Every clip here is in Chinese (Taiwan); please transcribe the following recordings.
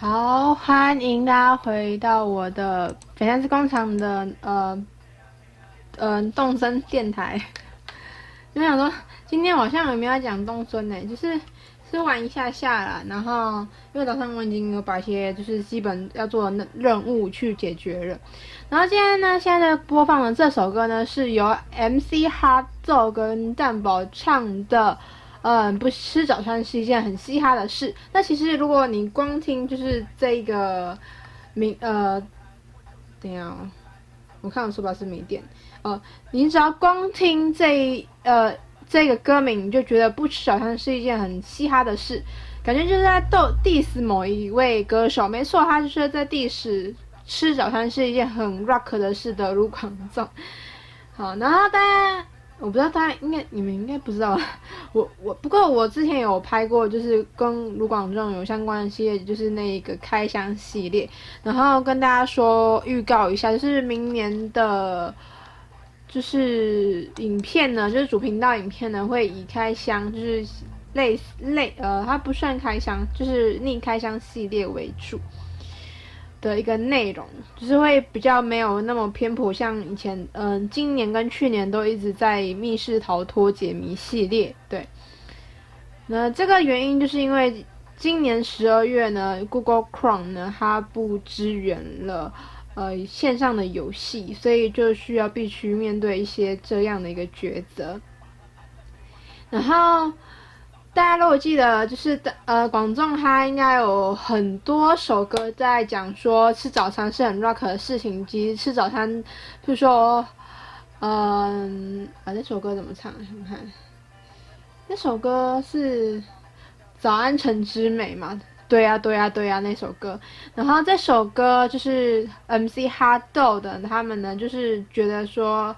好，歡迎大家回到我的《粉僵屍工廠的》的呃呃動森電台。沒 為想說，今天好像也沒有講動森呢、欸，就是是玩一下下了。然後因為早上我已經有把一些就是基本要做的任務去解決了。然後現在呢，現在播放的這首歌呢，是由 MC 哈奏跟蛋堡唱的。嗯，不吃早餐是一件很嘻哈的事。那其實如果你光聽就是這一個名，呃，等一下我看我手錶是沒電。哦、呃，你只要光聽這呃這個歌名，你就覺得不吃早餐是一件很嘻哈的事，感覺就是在逗 diss 某一位歌手。沒錯，他就是在 diss 吃早餐是一件很 rock 的事的盧廣仲。好，然後大家我不知道大家，應該你們應該不知道，我我，不過我之前有拍過，就是跟盧廣仲有相關的系列，就是那個開箱系列，然後跟大家說預告一下，就是明年的，就是影片呢，就是主頻道影片呢會以開箱，就是類似類呃，它不算開箱，就是逆開箱系列為主。的一個內容，就是會比較沒有那麼偏頗，像以前，嗯、呃，今年跟去年都一直在密室逃脫解謎系列，對。那這個原因就是因為今年十二月呢，Google Chrome 呢它不支援了，呃，線上的遊戲，所以就需要必須面對一些這樣的一個抉擇，然後。大家都有記得，就是呃，廣仲他應該有很多首歌在講說吃早餐是很 rock 的事情。其實吃早餐，譬如說，嗯，啊，那首歌怎麼唱？看看，那首歌是《早安晨之美》嘛？對呀、啊，對呀、啊，對呀、啊啊，那首歌。然後這首歌就是 MC HotDog 的，他們呢就是覺得說。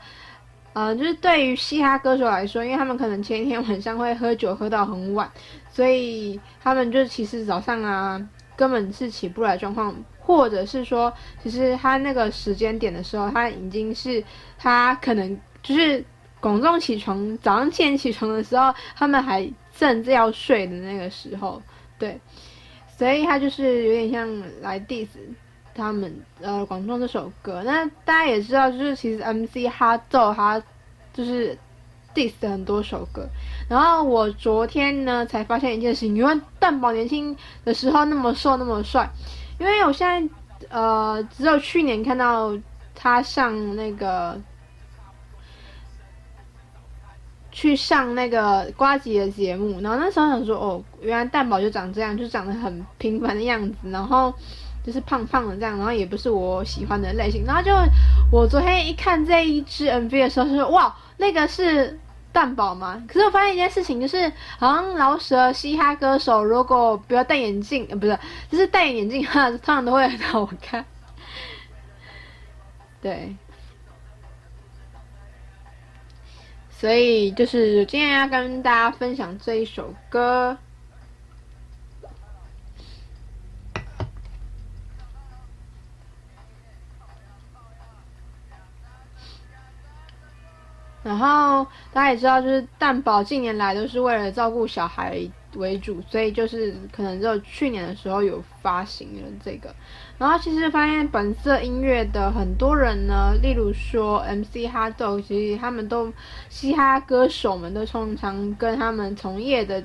嗯、呃，就是對於嘻哈歌手來說，因為他們可能前一天晚上會喝酒喝到很晚，所以他們就其實早上啊根本是起不來狀況，或者是說，其實他那個時間點的時候，他已經是他可能就是公眾起床早上七點起床的時候，他們還正在要睡的那個時候，對，所以他就是有點像來 diss 他們呃，廣東這首歌，那大家也知道，就是其實 MC Hot Dog 他就是 diss 很多首歌。然後我昨天呢才發現一件事情，原來蛋堡年輕的時候那麼瘦那麼帥，因為我現在呃只有去年看到他上那個去上那個呱吉的節目，然後那時候想說哦，原來蛋堡就長這樣，就長得很平凡的樣子，然後。就是胖胖的這樣，然後也不是我喜歡的類型。然後就我昨天一看這一支 MV 的時候，就說哇，那個是蛋堡嗎？可是我發現一件事情，就是好像饒舌嘻哈歌手，如果不要戴眼鏡，呃，不是，就是戴眼眼鏡哈、哈，通常都會很好看。對，所以就是今天要跟大家分享這一首歌。然後大家也知道，就是蛋堡近年來都是為了照顧小孩為主，所以就是可能就去年的時候有發行了這個。然後其實發現本色音樂的很多人呢，例如說 MC HotDog，其實他們都嘻哈歌手們都常常跟他們從業的，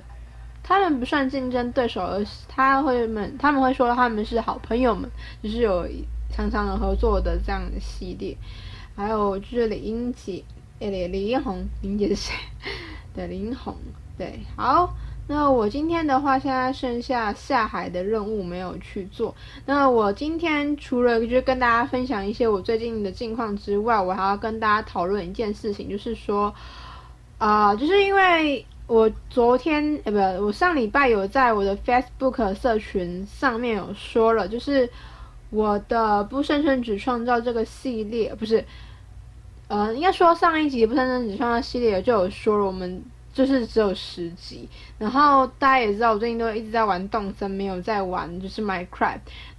他們不算競爭對手，而是他們會們他們會說他們是好朋友們，就是有常常合作的這樣的系列。還有就是李英吉。李李英宏，林姐是誰？的李英宏。對，好，那我今天的話，現在剩下下海的任務沒有去做。那我今天除了就是跟大家分享一些我最近的近況之外，我還要跟大家討論一件事情，就是說，啊、呃，就是因為我昨天，呃，不，我上禮拜有在我的 Facebook 社群上面有說了，就是我的不生稱只創造這個系列，不是。呃、嗯，應該說上一集《不稱職只穿的系列》就有說了，我們就是只有十集，然後大家也知道，我最近都一直在玩動森，沒有在玩就是《Minecraft》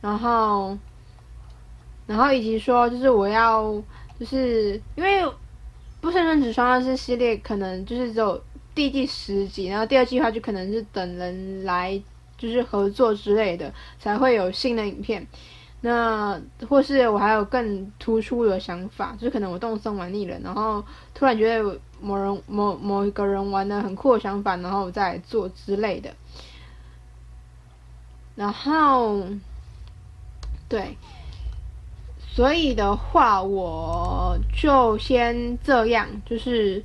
然後，然後以及說就是我要，就是因為《不稱職只穿的》系列，可能就是只有第第十集，然後第二季的話就可能是等人來就是合作之類的，才會有新的影片。那或是我還有更突出的想法，就是可能我動森玩膩了，然後突然覺得某人某某一個人玩的很酷的想法，然後再做之類的。然後，對，所以的話，我就先這樣，就是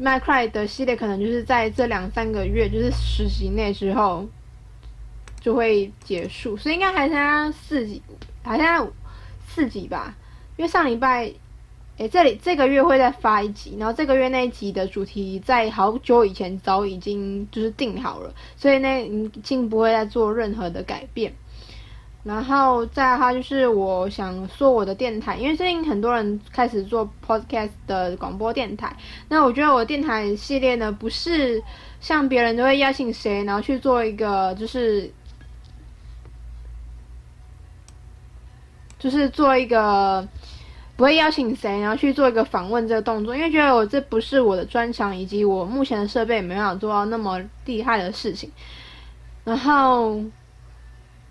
麥塊的系列，可能就是在這兩三個月，就是實習內之後，就會結束，所以應該還剩下四集，好像四集吧。因為上禮拜，誒、欸，這裡這個月會再發一集，然後這個月那一集的主題在好久以前早已經就是定好了，所以那已經不會再做任何的改變。然後再來就是我想做我的電台，因為最近很多人開始做 podcast 的廣播電台，那我覺得我的電台系列呢，不是像別人都會邀請誰，然後去做一個就是。就是做一個不會邀請誰，然後去做一個訪問這個動作，因為覺得我這不是我的專長，以及我目前的設備沒辦法做到那麼厲害的事情。然後，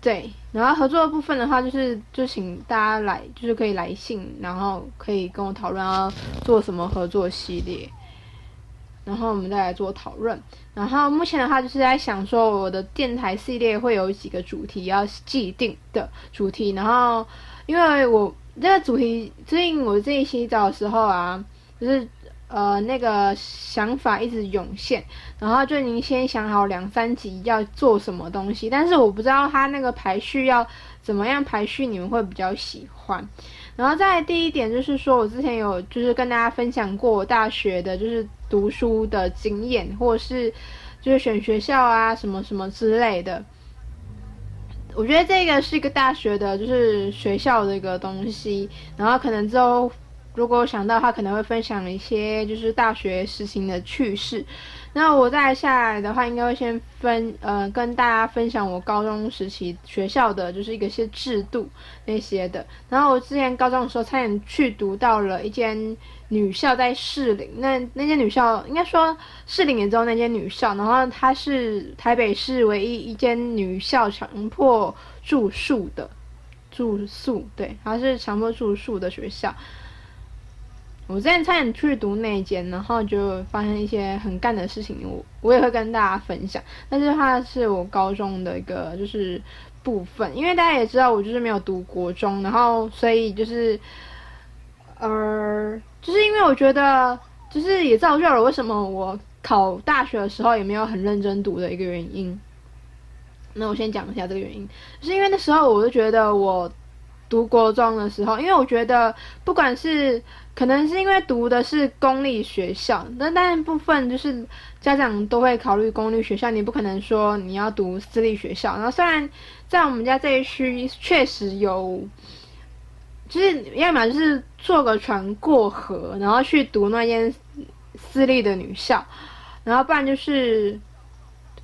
對，然後合作的部分的話，就是就請大家來，就是可以來信，然後可以跟我討論要做什麼合作系列。然後我們再來做討論。然後目前的話，就是在想說，我的電台系列會有幾個主題要既定的主題。然後，因為我這個主題，最近我自己洗澡的時候啊，就是呃那個想法一直湧現。然後就您先想好兩三集要做什麼東西，但是我不知道它那個排序要怎麼樣排序，你們會比較喜歡。然後再第一點就是說，我之前有就是跟大家分享過我大學的，就是。讀書的經驗，或者是就是選學校啊，什麼什麼之類的。我覺得這個是一個大學的，就是學校的一個東西。然後可能之後如果想到他可能會分享一些就是大學時期的趣事。那我再來下來的話，應該會先分呃，跟大家分享我高中時期學校的就是一個些制度那些的。然後我之前高中的時候差點去讀到了一間。女校在士林，那那間女校應該說士林也只有那間女校，然後它是台北市唯一一間女校強迫住宿的住宿，對，它是強迫住宿的學校。我之前差點去讀那間，然後就發生一些很乾的事情我，我我也會跟大家分享。但是它是我高中的一個就是部分，因為大家也知道我就是沒有讀國中，然後所以就是，呃。就是因為我覺得，就是也造就了為什麼我考大學的時候也沒有很認真讀的一個原因。那我先講一下這個原因，就是因為那時候我就覺得我讀國中的時候，因為我覺得不管是可能是因為讀的是公立學校，那大部分就是家長都會考慮公立學校，你不可能說你要讀私立學校。然後雖然在我們家這一區確實有。就是，要嘛就是坐個船過河，然後去讀那間私立的女校，然後不然就是，誒、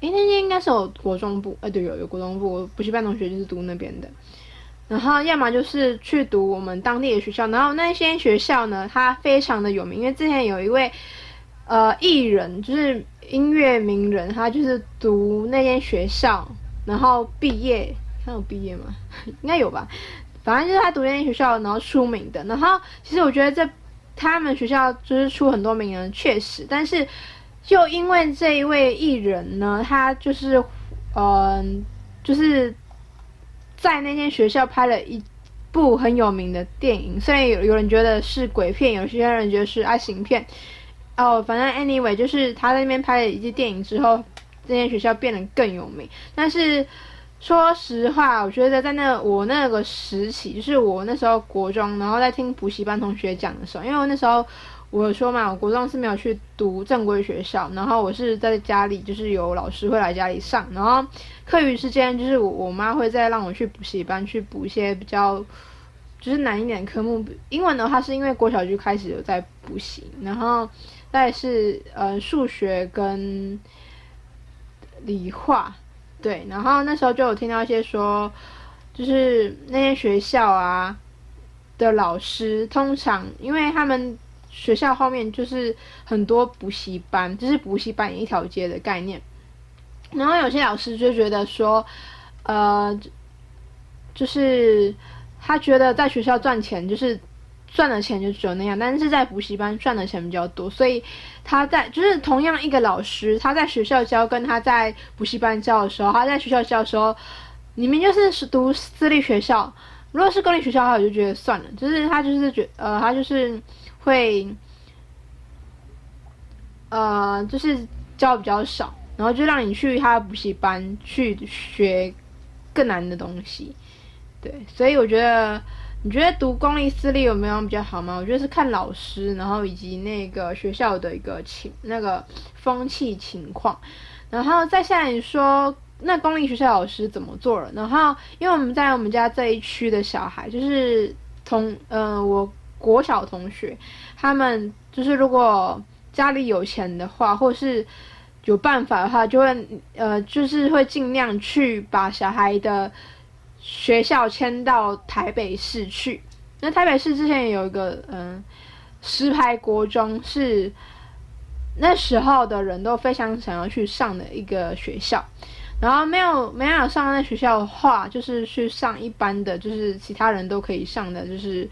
欸，那間應該是有國中部，哎、欸，對，有有國中部，我補習班同學就是讀那邊的，然後要嘛就是去讀我們當地的學校，然後那間學校呢，它非常的有名，因為之前有一位呃藝人，就是音樂名人，他就是讀那間學校，然後畢業，他有畢業嗎？ 應該有吧。反正就是他讀那間學校，然後出名的。然後其實我覺得這他們學校就是出很多名人，確實。但是就因為這一位藝人呢，他就是，嗯、呃，就是在那間學校拍了一部很有名的電影。雖然有有人覺得是鬼片，有些人覺得是愛情片。哦，反正 anyway，就是他在那邊拍了一部電影之後，這間學校變得更有名。但是。說實話，我覺得在那我那個時期，就是我那時候國中，然後在聽補習班同學講的時候，因為我那時候我說嘛，我國中是沒有去讀正規學校，然後我是在家裡，就是有老師會來家裡上，然後課餘時間就是我我媽會再讓我去補習班去補一些比較就是難一點的科目。英文的話是因為國小就開始有在補習，然後再是嗯、呃、數學跟理化。對，然後那時候就有聽到一些說，就是那些學校啊的老師，通常因為他們學校後面就是很多補習班，就是補習班一條街的概念，然後有些老師就覺得說，呃，就是他覺得在學校賺錢就是。賺的錢就只有那樣，但是在補習班賺的錢比較多，所以他在就是同樣一個老師，他在學校教跟他在補習班教的時候，他在學校教的時候，你們就是讀私立學校，如果是公立學校的話，我就覺得算了，就是他就是覺呃，他就是會，呃，就是教比較少，然後就讓你去他的補習班去學更難的東西，對，所以我覺得。你覺得讀公立私立有沒有比較好嗎？我覺得是看老師，然後以及那個學校的一個情，那個風氣情況。然後再下來你說，那公立學校老師怎麼做了？然後因為我們在我們家這一區的小孩，就是同，呃，我國小同學，他們就是如果家裡有錢的話，或是有辦法的話，就會，呃，就是會盡量去把小孩的。學校遷到台北市去，那台北市之前也有一個嗯石牌國中，是那時候的人都非常想要去上的一個學校。然後沒有沒有上那學校的話，就是去上一般的，就是其他人都可以上的，就是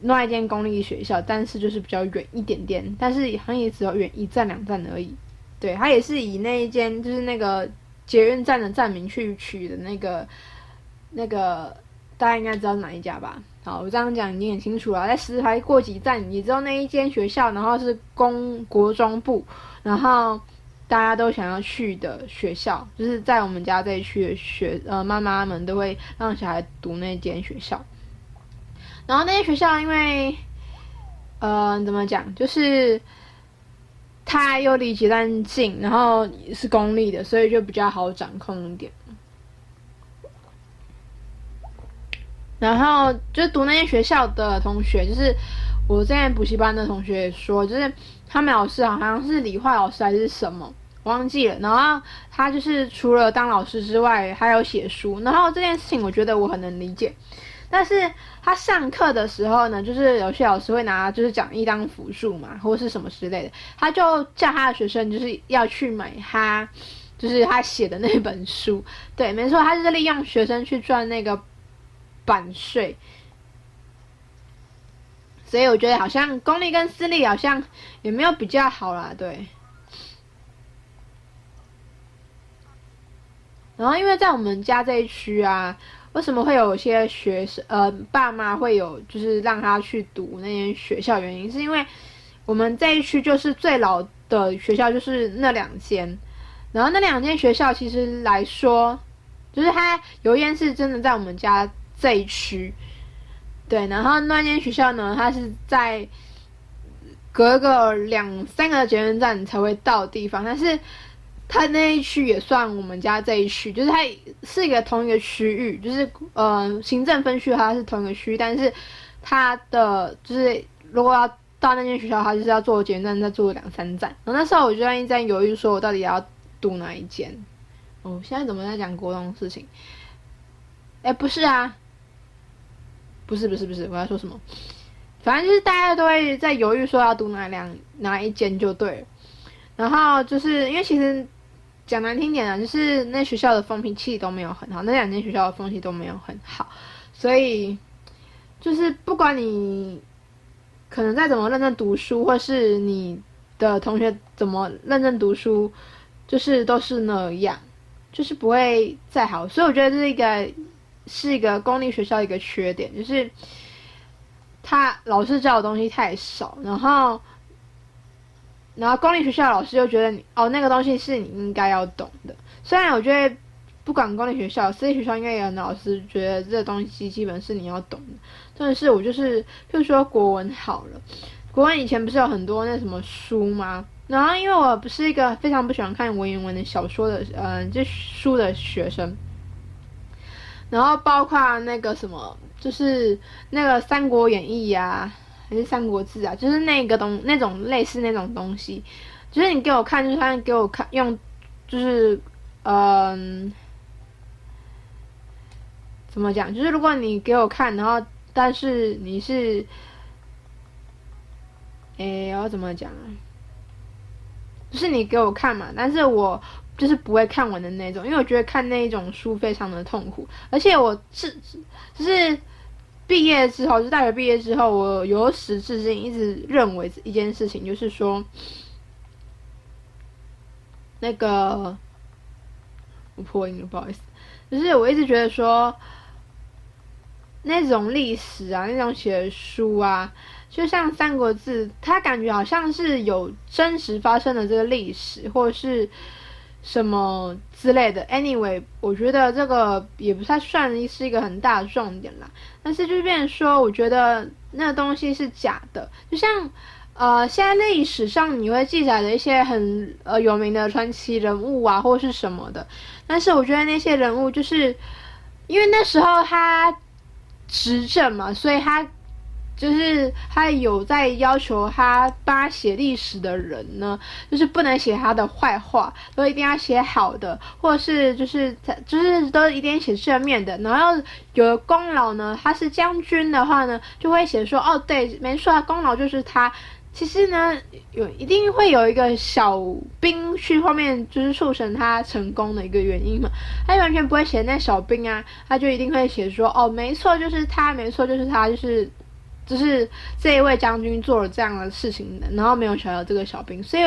那一間公立學校，但是就是比較遠一點點，但是好像也只有遠一站兩站而已。對，它也是以那一間就是那個捷運站的站名去取的那個。那個大家應該知道哪一家吧？好，我這樣講你很清楚了，在石牌過幾站，你知道那一間學校，然後是公國中部，然後大家都想要去的學校，就是在我們家這一區的學，呃，媽媽們都會讓小孩讀那間學校。然後那些學校因為，呃，怎麼講，就是它又離捷運近，然後是公立的，所以就比較好掌控一點。然後就讀那些學校的同學，就是我之前補習班的同學也說，就是他們老師好像是理化老師還是什麼，忘記了。然後他就是除了當老師之外，還有寫書。然後這件事情我覺得我很能理解，但是他上課的時候呢，就是有些老師會拿就是講義當輔助嘛，或者是什麼之類的，他就叫他的學生就是要去買他，就是他寫的那本書。對，沒錯，他就是利用學生去賺那個。版稅，所以我覺得好像公立跟私立好像也沒有比較好啦，對。然後因為在我們家這一區啊，為什麼會有些學生呃爸媽會有就是讓他去讀那些學校？原因是因為我們這一區就是最老的學校就是那兩間，然後那兩間學校其實來說，就是它有一間是真的在我們家。這一區，對，然後那間學校呢，它是在隔個兩三個捷運站才會到地方，但是它那一區也算我們家這一區，就是它是一個同一個區域，就是呃行政分區它是同一個區，但是它的就是如果要到那間學校，它就是要坐捷運站再坐兩三站。然後那時候我就一直在猶豫，說我到底要讀哪一間。哦，現在怎麼在講國中的事情？哎、欸，不是啊。不是不是不是，我要說什麼？反正就是大家都會在猶豫，說要讀哪兩哪一間就對了。然後就是因為其實講難聽點啊，就是那學校的風評氣都沒有很好，那兩間學校的風氣都沒有很好，所以就是不管你可能再怎麼認真讀書，或是你的同學怎麼認真讀書，就是都是那樣，就是不會再好。所以我覺得這是一個。是一個公立學校一個缺點，就是他老師教的東西太少，然後，然後公立學校老師就覺得你哦，那個東西是你應該要懂的，雖然我覺得不管公立學校、私立學校，應該也有老師覺得這個東西基本是你要懂的，但是我就是，就說國文好了，國文以前不是有很多那什麼書嗎？然後因為我不是一個非常不喜歡看文言文的小說的，呃，就書的學生。然後包括那個什麼，就是那個《三國演義》啊，還是《三國志》啊，就是那個東那種類似那種東西，就是你給我看，就是他給我看用，就是，嗯，怎麼講？就是如果你給我看，然後但是你是，哎，我怎麼講啊？不、就是你給我看嘛，但是我。就是不會看完的那種，因為我覺得看那一種書非常的痛苦。而且我是，就是畢業之後，就是、大學畢業之後，我由始至今一直認為一件事情，就是說，那個我破音了，不好意思。就是我一直覺得說，那種歷史啊，那種寫的書啊，就像《三國志》，它感覺好像是有真實發生的這個歷史，或者是。什麼之類的？Anyway，我覺得這個也不太算是一個很大的重點啦。但是就變成說，我覺得那個東西是假的，就像呃，現在歷史上你會記載的一些很呃有名的傳奇人物啊，或是什麼的。但是我覺得那些人物就是因為那時候他執政嘛，所以他。就是他有在要求他幫他寫歷史的人呢，就是不能寫他的壞話，都一定要寫好的，或是就是他就是都一定寫正面的。然後有了功勞呢，他是將軍的話呢，就會寫說哦，對，沒錯，功勞就是他。其實呢，有一定會有一個小兵去後面，就是促成他成功的一個原因嘛。他完全不會寫那小兵啊，他就一定會寫說哦，沒錯，就是他，沒錯，就是他，就是。就是這一位將軍做了這樣的事情，然後沒有想到這個小兵，所以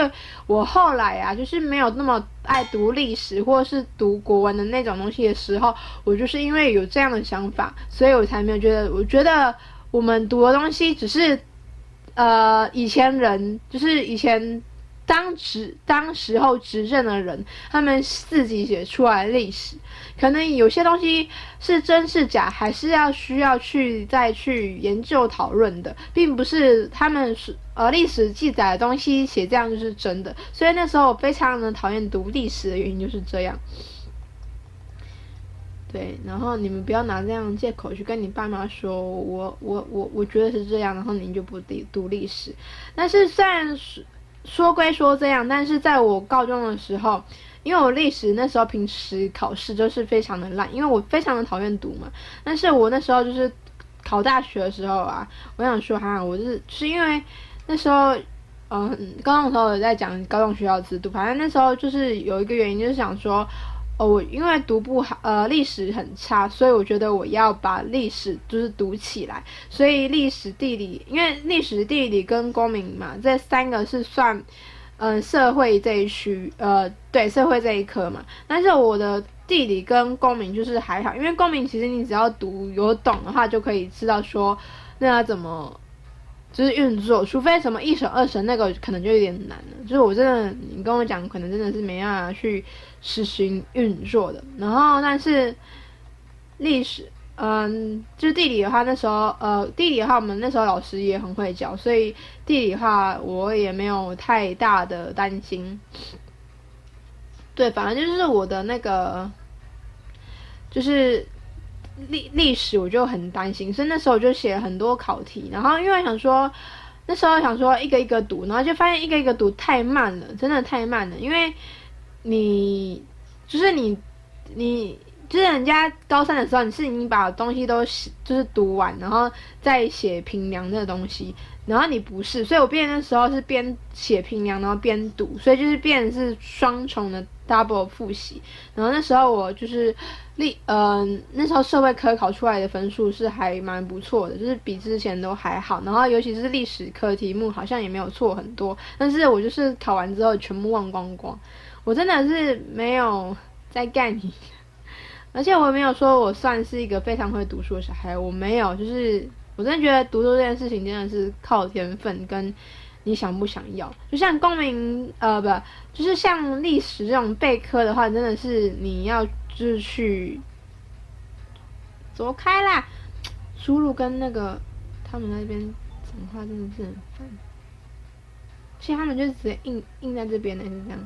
我後來啊，就是沒有那麼愛讀歷史或者是讀國文的那種東西的時候，我就是因為有這樣的想法，所以我才沒有覺得，我覺得我們讀的東西只是，呃，以前人就是以前當執當時候執政的人，他們自己寫出來歷史。可能有些東西是真是假，還是要需要去再去研究討論的，並不是他們是呃歷史記載的東西寫這樣就是真的。所以那時候我非常的討厭讀歷史的原因就是這樣。對，然後你們不要拿這樣的借口去跟你爸媽說，我我我我覺得是這樣，然後你就不讀讀歷史。但是雖然說歸說這樣，但是在我高中的時候。因為我歷史那時候平時考試就是非常的爛，因為我非常的討厭讀嘛。但是我那時候就是考大學的時候啊，我想說啊，哈，我就是是因為那時候，嗯，高中的時候有在講高中學校制度，反正那時候就是有一個原因，就是想說，哦，我因為讀不好，呃，歷史很差，所以我覺得我要把歷史就是讀起來。所以歷史、地理，因為歷史、地理跟公民嘛，這三個是算。嗯，社會這一區，呃，對，社會這一科嘛，但是我的地理跟公民就是還好，因為公民其實你只要讀有懂的話，就可以知道說，那要怎麼，就是運作，除非什麼一審二審那個可能就有點難了，就是我真的，你跟我講，可能真的是沒辦法去實行運作的。然後，但是歷史。嗯，就是地理的話，那時候呃，地理的話，我們那時候老師也很會教，所以地理的話，我也沒有太大的擔心。對，反正就是我的那個，就是歷歷史，我就很擔心，所以那時候我就寫很多考題，然後因為想說，那時候想說一個一個讀，然後就發現一個一個讀太慢了，真的太慢了，因為你就是你，你。就是人家高三的時候，你是你把東西都寫，就是讀完，然後再寫評量的東西，然後你不是，所以我變成那時候是邊寫評量，然後邊讀，所以就是變成是雙重的 double 複習。然後那時候我就是歷，嗯、呃，那時候社會科考出來的分數是還蠻不錯的，就是比之前都還好。然後尤其是歷史科題目好像也沒有錯很多，但是我就是考完之後全部忘光光，我真的是沒有在干你。而且我也沒有說，我算是一個非常會讀書的小孩。我沒有，就是我真的覺得讀書這件事情真的是靠天分，跟你想不想要。就像公民，呃，不，就是像歷史這種背科的話，真的是你要就是去走開啦。輸入跟那個他們那邊講話真的是很煩，其實他們就是直接印印在這邊的，就這樣。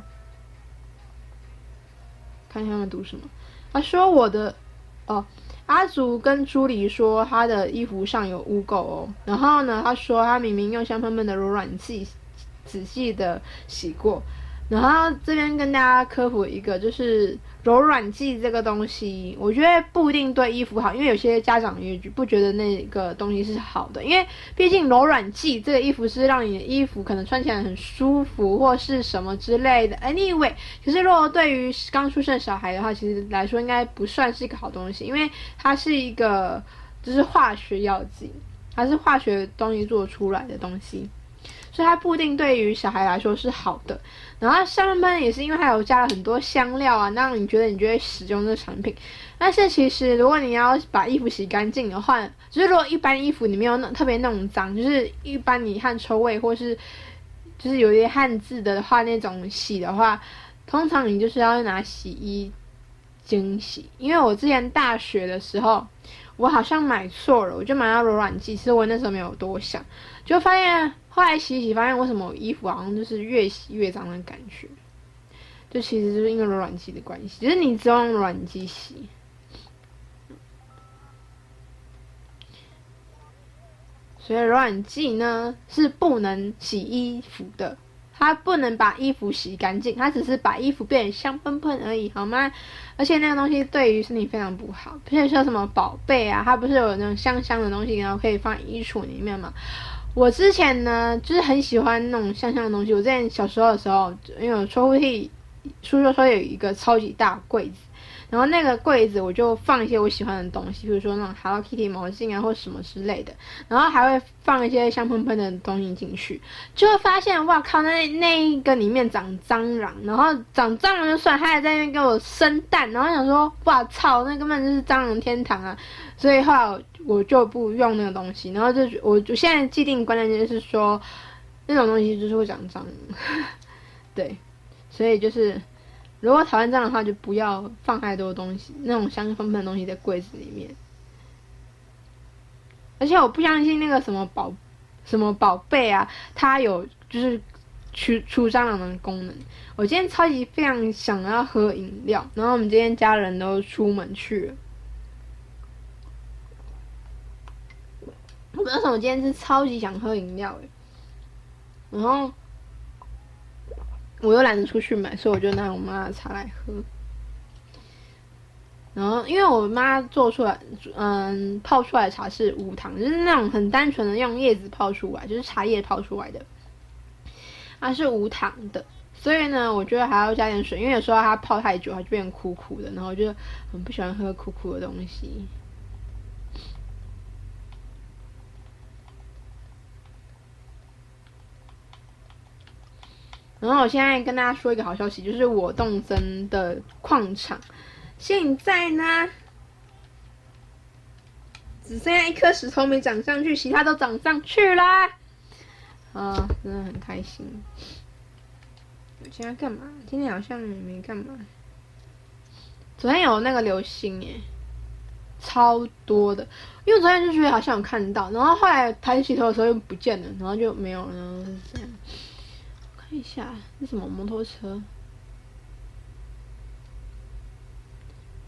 看一下他們讀什麼。他說我的，哦，阿祖跟朱莉說他的衣服上有污垢哦，然後呢，他說他明明用香噴噴的柔軟劑仔細的洗過，然後這邊跟大家科普一個就是。柔軟劑這個東西，我覺得不一定對衣服好，因為有些家長也不覺得那個東西是好的，因為畢竟柔軟劑這個衣服是讓你的衣服可能穿起來很舒服或是什麼之類的。Anyway，可是如果對於剛出生小孩的話，其實來說應該不算是一個好東西，因為它是一個就是化學藥劑，它是化學東西做出來的東西，所以它不一定對於小孩來說是好的。然後上半也是因為它有加了很多香料啊，那你覺得你就會使用這個產品。但是其實如果你要把衣服洗乾淨的話，就是如果一般衣服你沒有那特別那種髒，就是一般你汗臭味或是就是有一些汗漬的話，那種洗的話，通常你就是要拿洗衣精洗。因為我之前大學的時候，我好像買錯了，我就買了柔軟劑，其實我那時候沒有多想，就發現、啊。後來洗洗，發現為什麼我衣服好像就是越洗越髒的感覺？就其實就是因為柔軟劑的關係，就是你只用柔軟劑洗。所以柔軟劑呢是不能洗衣服的，它不能把衣服洗乾淨，它只是把衣服變得香噴噴而已，好嗎？而且那個東西對於身體非常不好，譬如說什麼寶貝啊，它不是有那種香香的東西，然後可以放衣櫥裡面嘛。我之前呢，就是很喜歡那種香香的東西。我之前小時候的時候，因為我抽屜、書桌說有一個超級大櫃子，然後那個櫃子我就放一些我喜歡的東西，比如說那種 Hello Kitty 毛巾啊，或什麼之類的。然後還會放一些香噴噴的東西進去，就會發現，哇靠！那那一個裡面長蟑螂，然後長蟑螂就算，它還在那邊給我生蛋。然後想說，哇操！那根本就是蟑螂天堂啊！所以話，我就不用那個東西，然後就我我現在既定觀念就是說，那種東西就是會長蟑螂， 對，所以就是如果討厭蟑螂的話，就不要放太多東西，那種香噴噴的東西在櫃子裡面。而且我不相信那個什麼寶什麼寶貝啊，它有就是驅除蟑螂的功能。我今天超級非常想要喝飲料，然後我們今天家人都出門去了。我，我今天是超級想喝飲料誒，然後我又懶得出去買，所以我就拿我媽的茶來喝。然後因為我媽做出來，嗯，泡出來的茶是無糖，就是那種很單純的用葉子泡出來，就是茶葉泡出來的，它、啊、是無糖的。所以呢，我覺得還要加點水，因為有時候它泡太久，它就變成苦苦的。然後我就很不喜歡喝苦苦的東西。然後我現在跟大家說一個好消息，就是我動森的礦場現在呢，只剩下一顆石頭沒長上去，其他都長上去了。啊，真的很開心。我現在幹嘛？今天好像也沒幹嘛。昨天有那個流星耶，超多的。因為昨天就覺得好像有看到，然後後來抬起頭的時候又不見了，然後就沒有了，然後就是這樣。等一下，這什麼摩托車？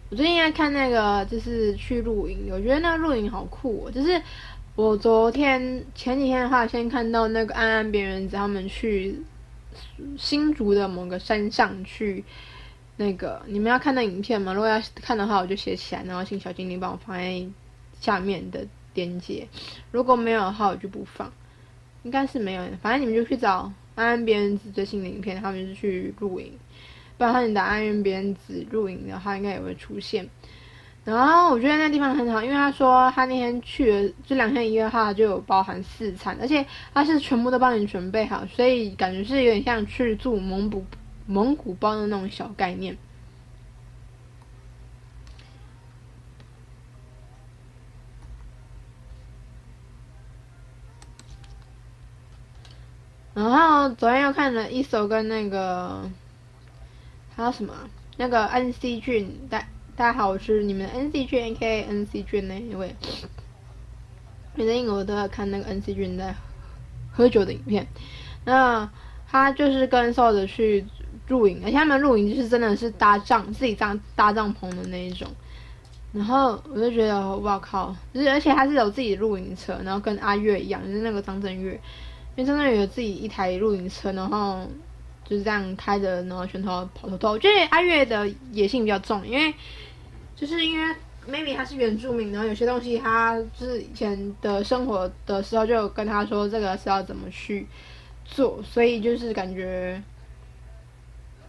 我最近在看那個，就是去露營，我覺得那個露營好酷哦、喔。就是我昨天前幾天的話，先看到那個安安邊緣子他們去新竹的某個山上去。那個你們要看那影片嗎？如果要看的話，我就寫起來，然後請小精靈幫我放在下面的鏈接。如果沒有的話，我就不放。應該是沒有，反正你們就去找。安安邊緣子最新的影片，他們是去露營，包含你的安安邊緣子露營，的話應該也會出現。然後我覺得那地方很好，因為他說他那天去了，這兩天一夜的話就有包含四餐，而且他是全部都幫你準備好，所以感覺是有點像去住蒙古蒙古包的那種小概念。然後昨天又看了一首跟那個，還有什麼那個恩熙俊大，大家好，我是你們恩熙俊 n C K 恩熙俊的、欸、那位。最近我都在看那個恩熙俊在喝酒的影片，那他就是跟瘦子去露營，而且他們露營就是真的是搭帳自己搭搭帳篷的那一種。然後我就覺得，哇靠！就是而且他是有自己的露營車，然後跟阿岳一樣，就是那個張震岳。真的有自己一台露營車，然後就是這樣開着，然後全頭跑透透。我覺得就阿月的野性比較重，因為就是因為 maybe 他是原住民，然後有些東西他就是以前的生活的時候就跟他說這個是要怎麼去做，所以就是感覺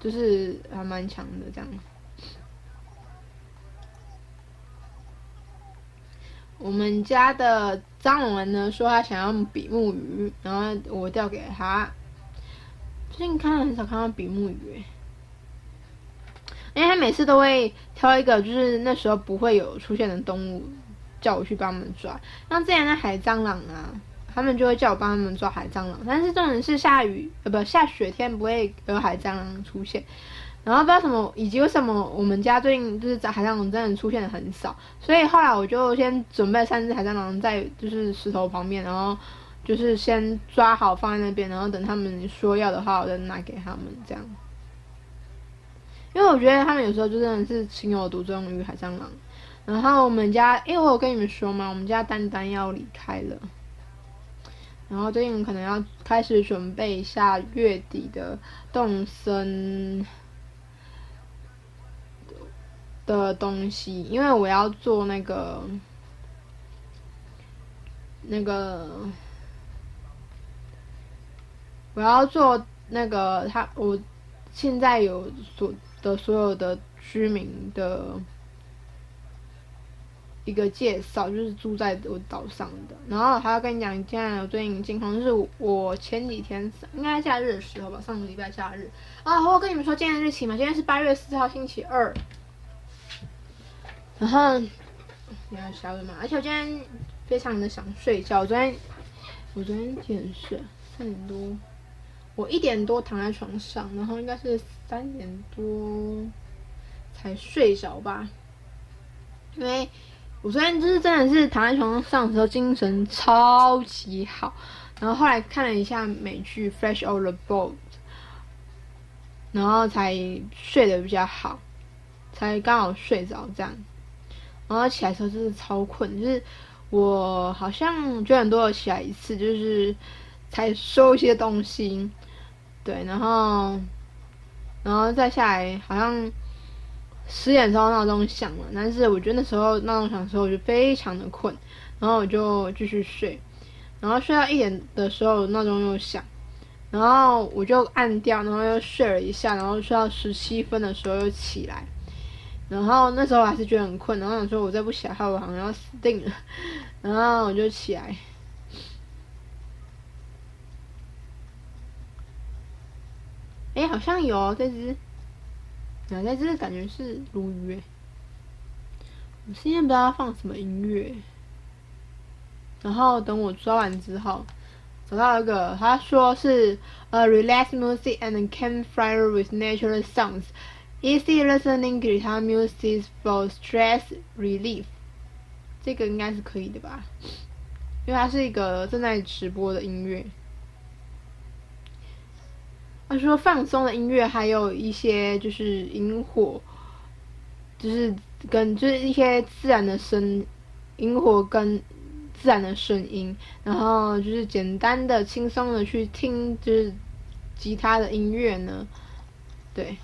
就是還蠻強的這樣。我們家的。蟑螂人呢，說他想要比目魚，然後我釣給他。最近看了很少看到比目魚，因為他每次都會挑一個就是那時候不會有出現的動物，叫我去幫他們抓。像之前那海蟑螂啊，他們就會叫我幫他們抓海蟑螂。但是重點是下雨呃、不下雪天不會有海蟑螂出現。然後不知道什麼以及為什麼我們家最近就是在海蟑螂真的出現的很少，所以後來我就先準備三隻海蟑螂在就是石頭旁邊，然後就是先抓好放在那邊，然後等他們說要的話，我就拿給他們這樣。因為我覺得他們有時候就真的是情有獨鍾於海蟑螂。然後我們家因為我跟你們說嘛，我們家丹丹要離開了，然後最近可能要開始準備一下月底的動身的東西，因為我要做那個那個，我要做那個他，我現在有所的所有的居民的一個介紹，就是住在我島上的。然後還要跟你講一下我最近的近況，就是我前幾天應該假日的時候吧，上個禮拜假日啊。我跟你們說今天的日期嘛，今天是八月四號，星期二。然後你要曉得嘛，而且我今天非常的想睡覺。我昨天，我昨天幾點睡？三點多，我一點多躺在床上，然後應該是三點多才睡着吧。因為我昨天就是真的是躺在床上，上的時候精神超級好，然後後來看了一下美劇《Fresh Off the Boat》，然後才睡得比較好，才剛好睡着這樣。然後起來的時候真的超睏，就是我好像九點多了起來一次，就是才收一些東西，對，然後，然後再下來，好像十點之後鬧鐘響了，但是我覺得那時候鬧鐘響的時候我就非常的睏，然後我就繼續睡，然後睡到一點的時候鬧鐘又響，然後我就按掉，然後又睡了一下，然後睡到十七分的時候又起來。然後那時候我還是覺得很困，然後想說，我再不起來，我好像要死定了。然後我就起來。誒，好像有、哦、這隻，那、啊、隻，感覺是鱸魚。我現在不知道要放什麼音樂。然後等我抓完之後，找到一個，他說是 “a relaxed music and a campfire with natural sounds”。Easy listening guitar music for stress relief，這個應該是可以的吧？因為它是一個正在直播的音樂。他說，放鬆的音樂，還有一些就是螢火，就是跟就是一些自然的聲螢火跟自然的聲音，然後就是簡單的、輕鬆的去聽，就是吉他的音樂呢？對。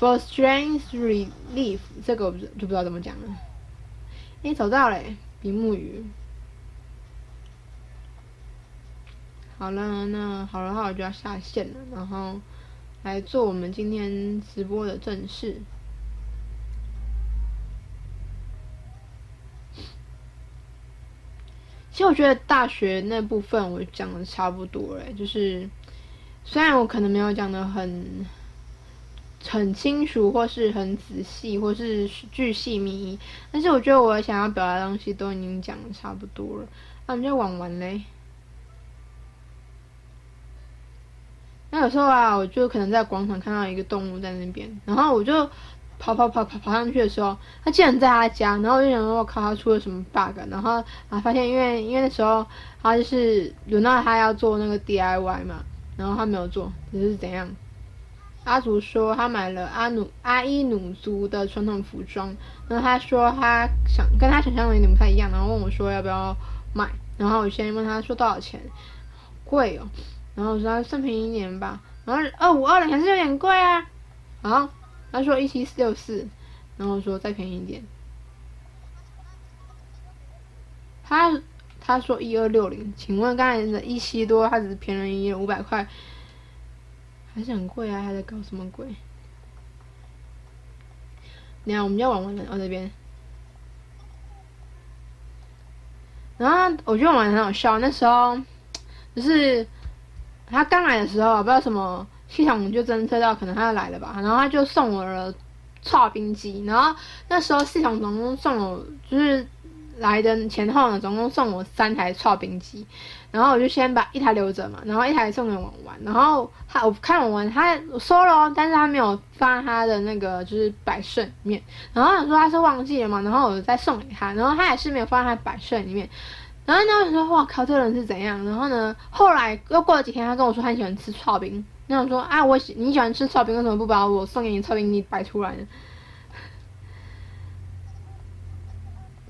For strength relief，這個我就不知道怎麼講了。哎、欸，找到嘞、欸，比目魚。好了，那好了，那我就要下線了，然後來做我們今天直播的正事。其實我覺得大學那部分我講的差不多嘞、欸，就是雖然我可能沒有講的很。很清楚，或是很仔細，或是巨細靡遺，但是我覺得我想要表達的東西都已經講得差不多了，那我們就玩完嘞。那有時候啊，我就可能在廣場看到一個動物在那邊，然後我就跑跑跑跑跑上去的時候，他竟然在他家，然後我就想說，我靠，他出了什麼 bug？然後啊，發現因為因為那時候他就是輪到他要做那個 DIY 嘛，然後他沒有做，只是怎樣？阿祖說他買了阿努阿伊努族的傳統服裝，然後他說他想跟他想象的有點不太一樣，然後問我說要不要買，然後我先問他說多少錢，貴哦，然後我說他算便宜一點吧，然後二五二零還是有點貴啊，啊，他說一七四六四，然後說再便宜一點，他他說一二六零，請問剛才的一七多，他只是便宜了五百塊。還是很貴啊！還在搞什麼鬼？然後我們就玩玩的，我、哦、這邊。然後我覺得玩得很好笑，那時候就是他剛來的時候，我不知道什麼系統就偵測到可能他要來了吧，然後他就送我了超冰機。然後那時候系統總共送我，就是來的前後呢，總共送我三台超冰機。然後我就先把一台留着嘛，然後一台送給我玩。然後他我看我玩，他收了。哦，但是他沒有發他的那個就是擺設裡面。然後我想說他是忘記了嘛，然後我再送給他，然後他也是沒有發他擺設裡面。然後那我想說，哇靠，這個人是怎樣？然後呢，後來又過了幾天，他跟我說他喜歡吃炒餅。那我說啊，我喜你喜歡吃炒餅，為什麼不把我送給你炒餅？你擺出來呢？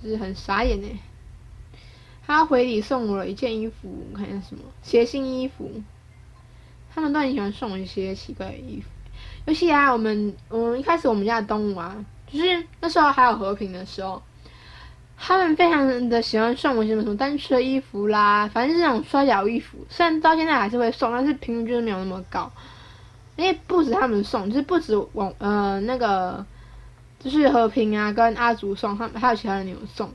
就是很傻眼呢。他、啊、回禮送我了一件衣服，我看一下什麼？諧星衣服。他們都很喜歡送我一些奇怪的衣服。尤其啊，我們嗯一開始我們家的動物啊，就是那時候還有和平的時候，他們非常的喜歡送我什麼什麼單車衣服啦，反正是這種摔跤衣服。雖然到現在還是會送，但是平均沒有那麼高。因為不止他們送，就是不止我呃那個，就是和平啊跟阿竹送，他們還有其他的人也有送。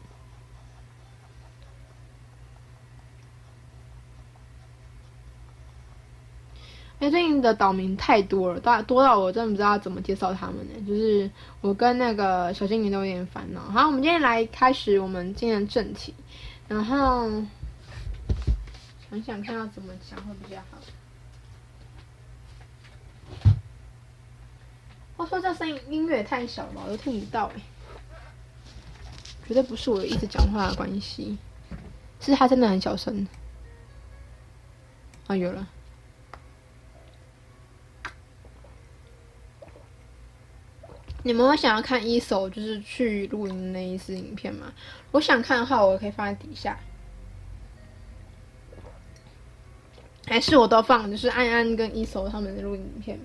欸、最近的島民太多了，多多到我真的不知道怎麼介紹他們呢、欸。就是我跟那個小精靈都有點煩惱。好，我們今天來開始我們今天的正題。然後想想看要怎麼講會比較好。話說這聲音音樂也太小了吧，我都聽不到哎、欸。絕對不是我一直講話的關係，是他真的很小聲。啊，有了。你們會想要看 Eso 就是去露營的那一支影片嗎？我想看的話，我可以放在底下。還、欸、是我都放，就是安安跟 Eso 他們的露營影片。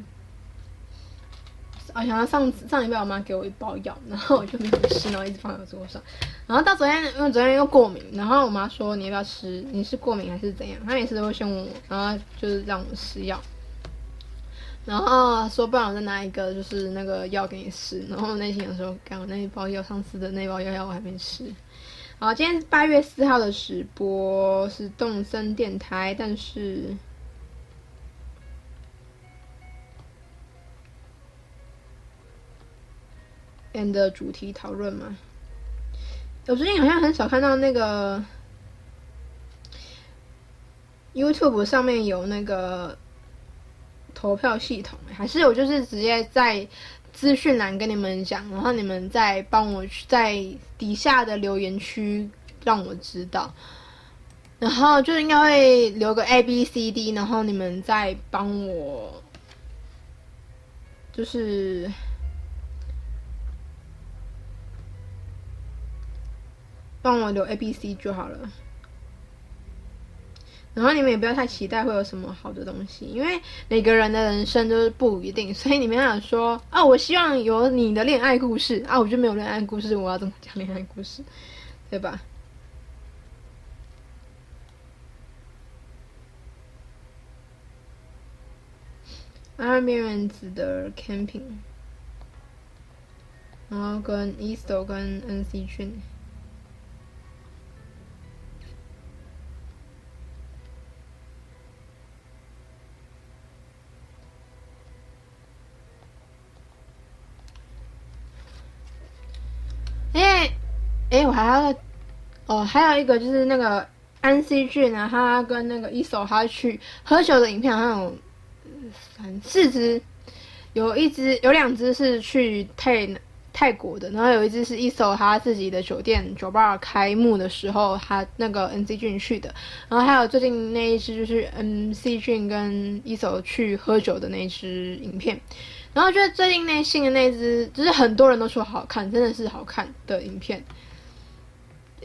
我想要上上禮拜，我媽給我一包藥，然後我就沒有吃，然後一直放在我桌上。然後到昨天，因為昨天又過敏，然後我媽說，你要不要吃？你是過敏還是怎樣？她每次都會兇我，然後就是讓我吃藥。然後說，不然我再拿一個，就是那個藥給你吃。然後內心有時候剛好那一包藥，上次的那包藥藥我還沒吃。好，今天八月四號的直播是動森電台，但是，and 主題討論嘛。我最近好像很少看到那個 YouTube 上面有那個。投票系統還是我就是直接在資訊欄跟你們講，然後你們再幫我去在底下的留言區讓我知道，然後就應該會留個 A B C D，然後你們再幫我就是幫我留 A B C 就好了。然後你們也不要太期待會有什麼好的東西，因為每個人的人生都是不一定，所以你們要想說啊、哦，我希望有你的戀愛故事啊，我就沒有戀愛故事，我要怎麼講戀愛故事，對吧？安安邊緣、 啊、子的 camping，然後跟瘦子跟恩熙俊因為，哎、欸欸，我還要，哦，還有一個就是那個安 c 俊啊，他跟那個一首他去喝酒的影片好像有三四支，有一只有兩只是去泰泰國的，然後有一只是一 s 他自己的酒店酒吧開幕的時候他那個安 c 俊去的，然後還有最近那一只就是安 c 俊跟一首去喝酒的那支只影片。然後就是最近那新的那隻就是很多人都說好看，真的是好看的影片。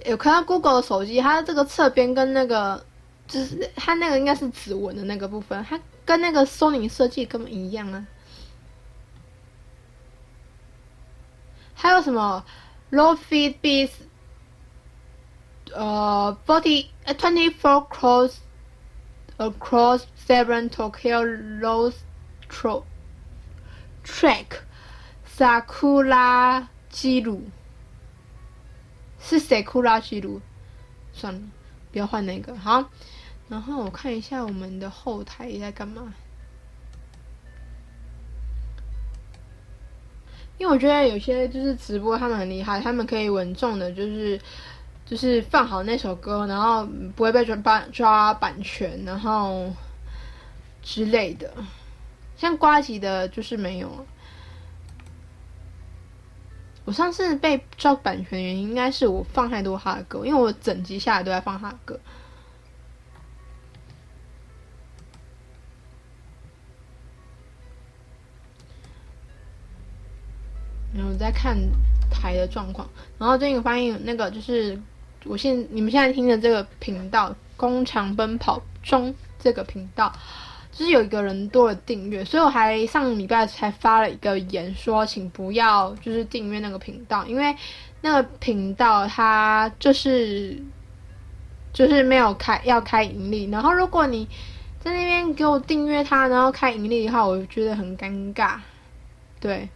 有看到 Google 的手機，它的這個側邊跟那個，就是它那個應該是指紋的那個部分，它跟那個 Sony 設計根本一樣啊。還有什麼 Low feed bees 呃，Forty 呃 twenty four cross across seven Tokyo roads tro. Track，撒庫拉基魯，是誰庫拉基魯？算了，不要換那個。好，然後我看一下我們的後台在幹嘛。因為我覺得有些就是直播，他們很厲害，他們可以穩重的，就是就是放好那首歌，然後不會被抓抓版權，然後之類的。像瓜吉的，就是沒有了。我上次被抓版權的原因，應該是我放太多他的歌，因為我整集下來都在放他的歌。然後我在看台的狀況，然後最近我發現那個就是，我現你們現在聽的這個頻道《弓長逃跑中》這個頻道。就是有一個人多了訂閱，所以我還上禮拜才發了一個言說，請不要就是訂閱那個頻道，因為那個頻道它就是就是沒有開要開盈利，然後如果你在那邊給我訂閱它，然後開盈利的話，我覺得很尷尬，對。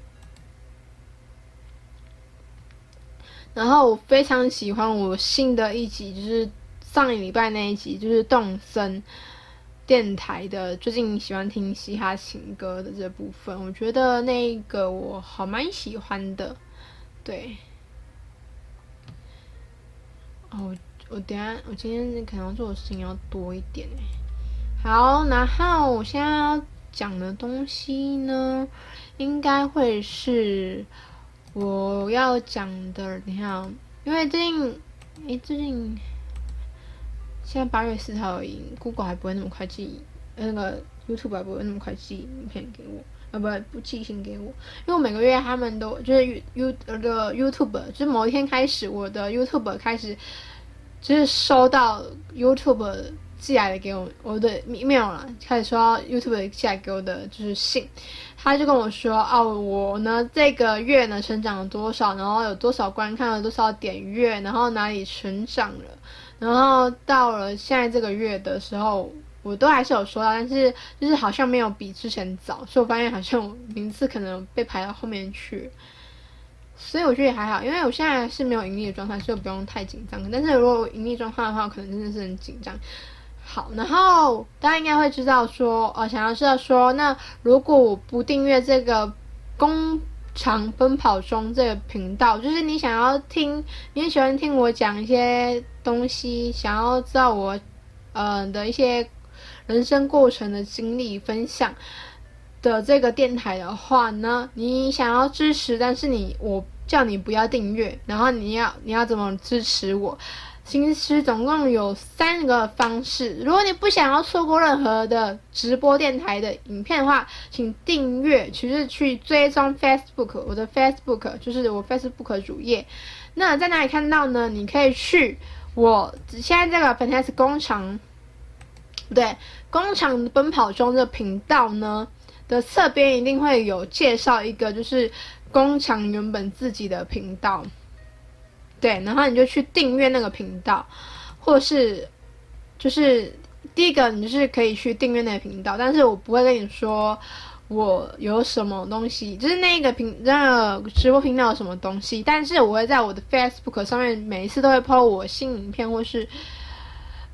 然後我非常喜歡我新的一集，就是上禮拜那一集，就是動森。電台的最近喜歡聽嘻哈情歌的這部分，我覺得那個我好蠻喜歡的。對，哦，我等下我今天可能做的事情要多一點，欸、好，然後我現在要講的東西呢，應該會是我要講的。你看，因為最近，哎、欸，最近。現在八月四號，Google 還不會那麼快寄，那個 YouTube 還不會那麼快寄影片給我，呃、啊，不，不寄信給我，因為每個月他們都就是 You 呃 you, 的 YouTube，就是某一天開始，我的 YouTube 開始，就是收到 YouTube 寄來的給我我的 email 啦，開始收到 YouTube 寄來給我的就是信，他就跟我說，哦，我呢這個月呢成長了多少，然後有多少觀看了多少點閱，然後哪裡成長了。然後到了現在這個月的時候，我都還是有說到，但是就是好像沒有比之前早，所以我發現好像我名次可能被排到後面去。所以我覺得還好，因為我現在是沒有盈利的狀態，所以不用太緊張。但是如果盈利狀態的話，我可能真的是很緊張。好，然後大家應該會知道說，呃、哦，想要知道說，那如果我不訂閱這個公。常奔跑中這個頻道，就是你想要聽，你也喜歡聽我講一些東西，想要知道我，嗯的一些人生過程的經歷分享的這個電台的話呢，你想要支持，但是你我叫你不要訂閱，然後你要你要怎麼支持我？其實總共有三個方式。如果你不想要錯過任何的直播、電台的影片的話，請訂閱，其實去追蹤 Facebook。我的 Facebook 就是我 Facebook 主頁。那在哪裡看到呢？你可以去我現在這個 Fantastic 工廠，不對，工廠奔跑中的頻道呢的側邊一定會有介紹一個，就是工廠原本自己的頻道。對，然後你就去訂閱那個頻道，或是，就是第一個，你就是可以去訂閱那個頻道。但是我不會跟你說我有什麼東西，就是那個頻那個、直播頻道有什麼東西。但是我會在我的 Facebook 上面每一次都會 po 我新影片，或是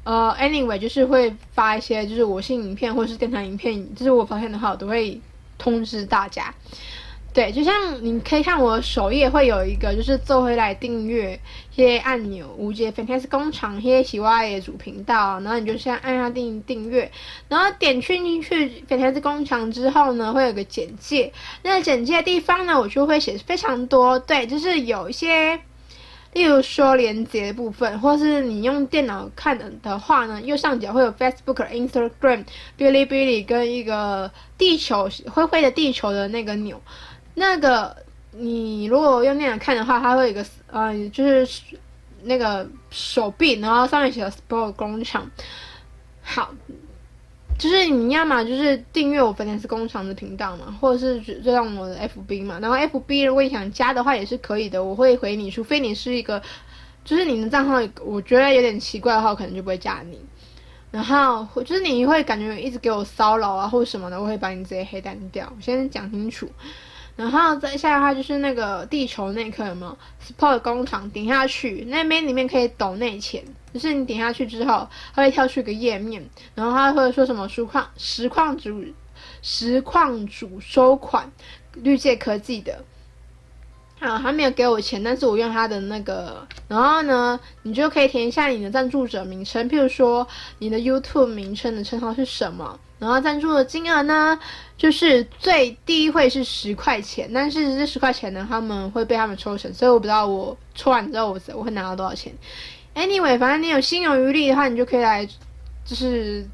呃，anyway 就是會發一些就是我新影片或是電台影片，就是我發現的話我都會通知大家。對，就像你可以看我首頁會有一個，就是做回來訂閱一些按鈕，弓長 Fantastic 工廠一些喜歡愛的主頻道，然後你就先按下訂訂閱，然後點去進去 Fantastic 工廠之後呢，會有個簡介，那簡介的地方呢，我就會寫非常多，對，就是有一些，例如說連接的部分，或是你用電腦看的話呢，右上角會有 Facebook、Instagram、Bilibili 跟一個地球灰灰的地球的那個鈕。那個，你如果用那樣的看的話，它會有一個呃，就是那個手臂，然後上面寫了 Sport 工廠。好，就是你要嘛，就是訂閱我 Fantastic 工廠的頻道嘛，或者是追蹤我的 FB 嘛。然後 FB 如果你想加的話也是可以的，我會回你。除非你是一個，就是你的賬號我覺得有點奇怪的話，我可能就不會加你。然後就是你會感覺一直給我騷擾啊或者什麼的，我會把你直接黑單掉。我先講清楚。然後再下的話就是那個地球那顆有沒有？Sport 弓長點下去那邊裡面可以抖內錢，就是你點下去之後，它會跳出一個頁面，然後它會說什麼實況實況實況主實況主收款，綠界科技的，啊，他沒有給我錢，但是我用他的那個，然後呢，你就可以填一下你的贊助者名稱，譬如說你的 YouTube 名稱的稱號是什麼？然後贊助的金額呢，就是最低會是十塊錢，但是這十塊錢呢，他們會被他們抽成，所以我不知道我抽完之後我我會拿到多少錢。Anyway，反正你有心有餘力的話，你就可以來，就是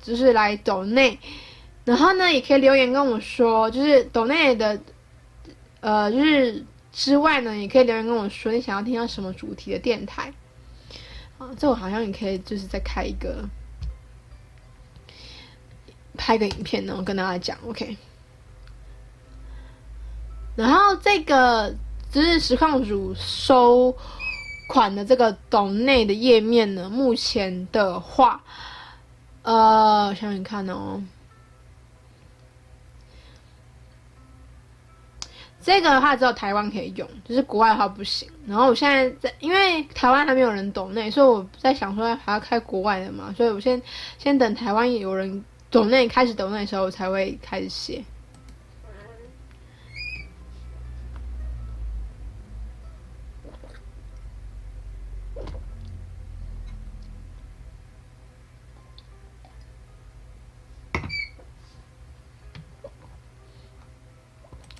就是來抖內，然後呢，也可以留言跟我說，就是抖內的呃就是之外呢，也可以留言跟我說你想要聽到什麼主題的電台。啊，這我好像也可以，就是再開一個。拍個影片呢，我跟大家講，OK。然後這個就是實況主收款的這個 donate 的頁面呢，目前的話，呃，想想看哦、喔，這個的話只有台灣可以用，就是國外的話不行。然後我現在在，因為台灣還沒有人 donate，所以我在想說還要開國外的嘛，所以我先先等台灣也有人。抖內開始抖內時候，我才會開始寫。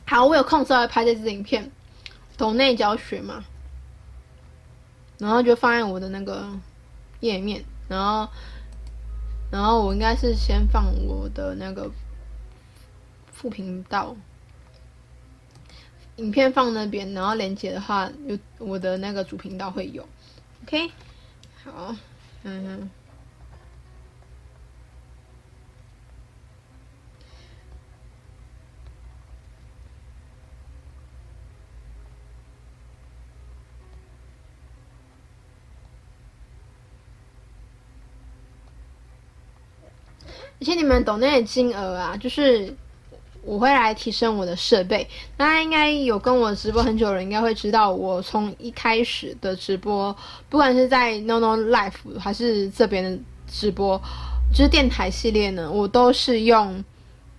好，我有空時候要拍這支影片，抖內教學嘛，然後就放在我的那個頁面，然後。然後我應該是先放我的那個副頻道影片，放那邊，然後連接的話，有，我的那個主頻道會有。OK，好，嗯。而且你們懂那些金額啊，就是我會來提升我的設備。大家應該有跟我直播很久的人應該會知道，我從一開始的直播，不管是在 Nonolive 還是這邊的直播，就是電台系列呢，我都是用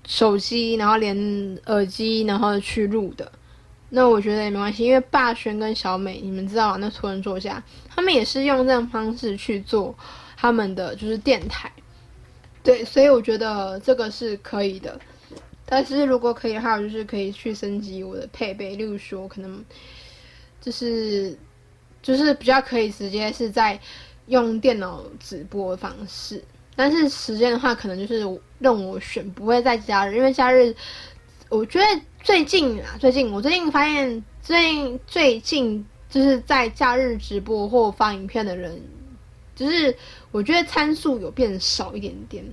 手機，然後連耳機，然後去錄的。那我覺得也沒關係，因為霸軒跟小美，你們知道啊，那圖文作家，他們也是用這種方式去做他們的就是電台。對，所以我覺得這個是可以的，但是如果可以的話，我就是可以去升級我的配備，例如說，可能就是就是比較可以直接是在用電腦直播的方式，但是時間的話，可能就是我，讓我選，不會在假日，因為假日，我覺得最近啊，最近我最近發現，最近最近就是在假日直播或發影片的人。就是我覺得參數有變少一點點，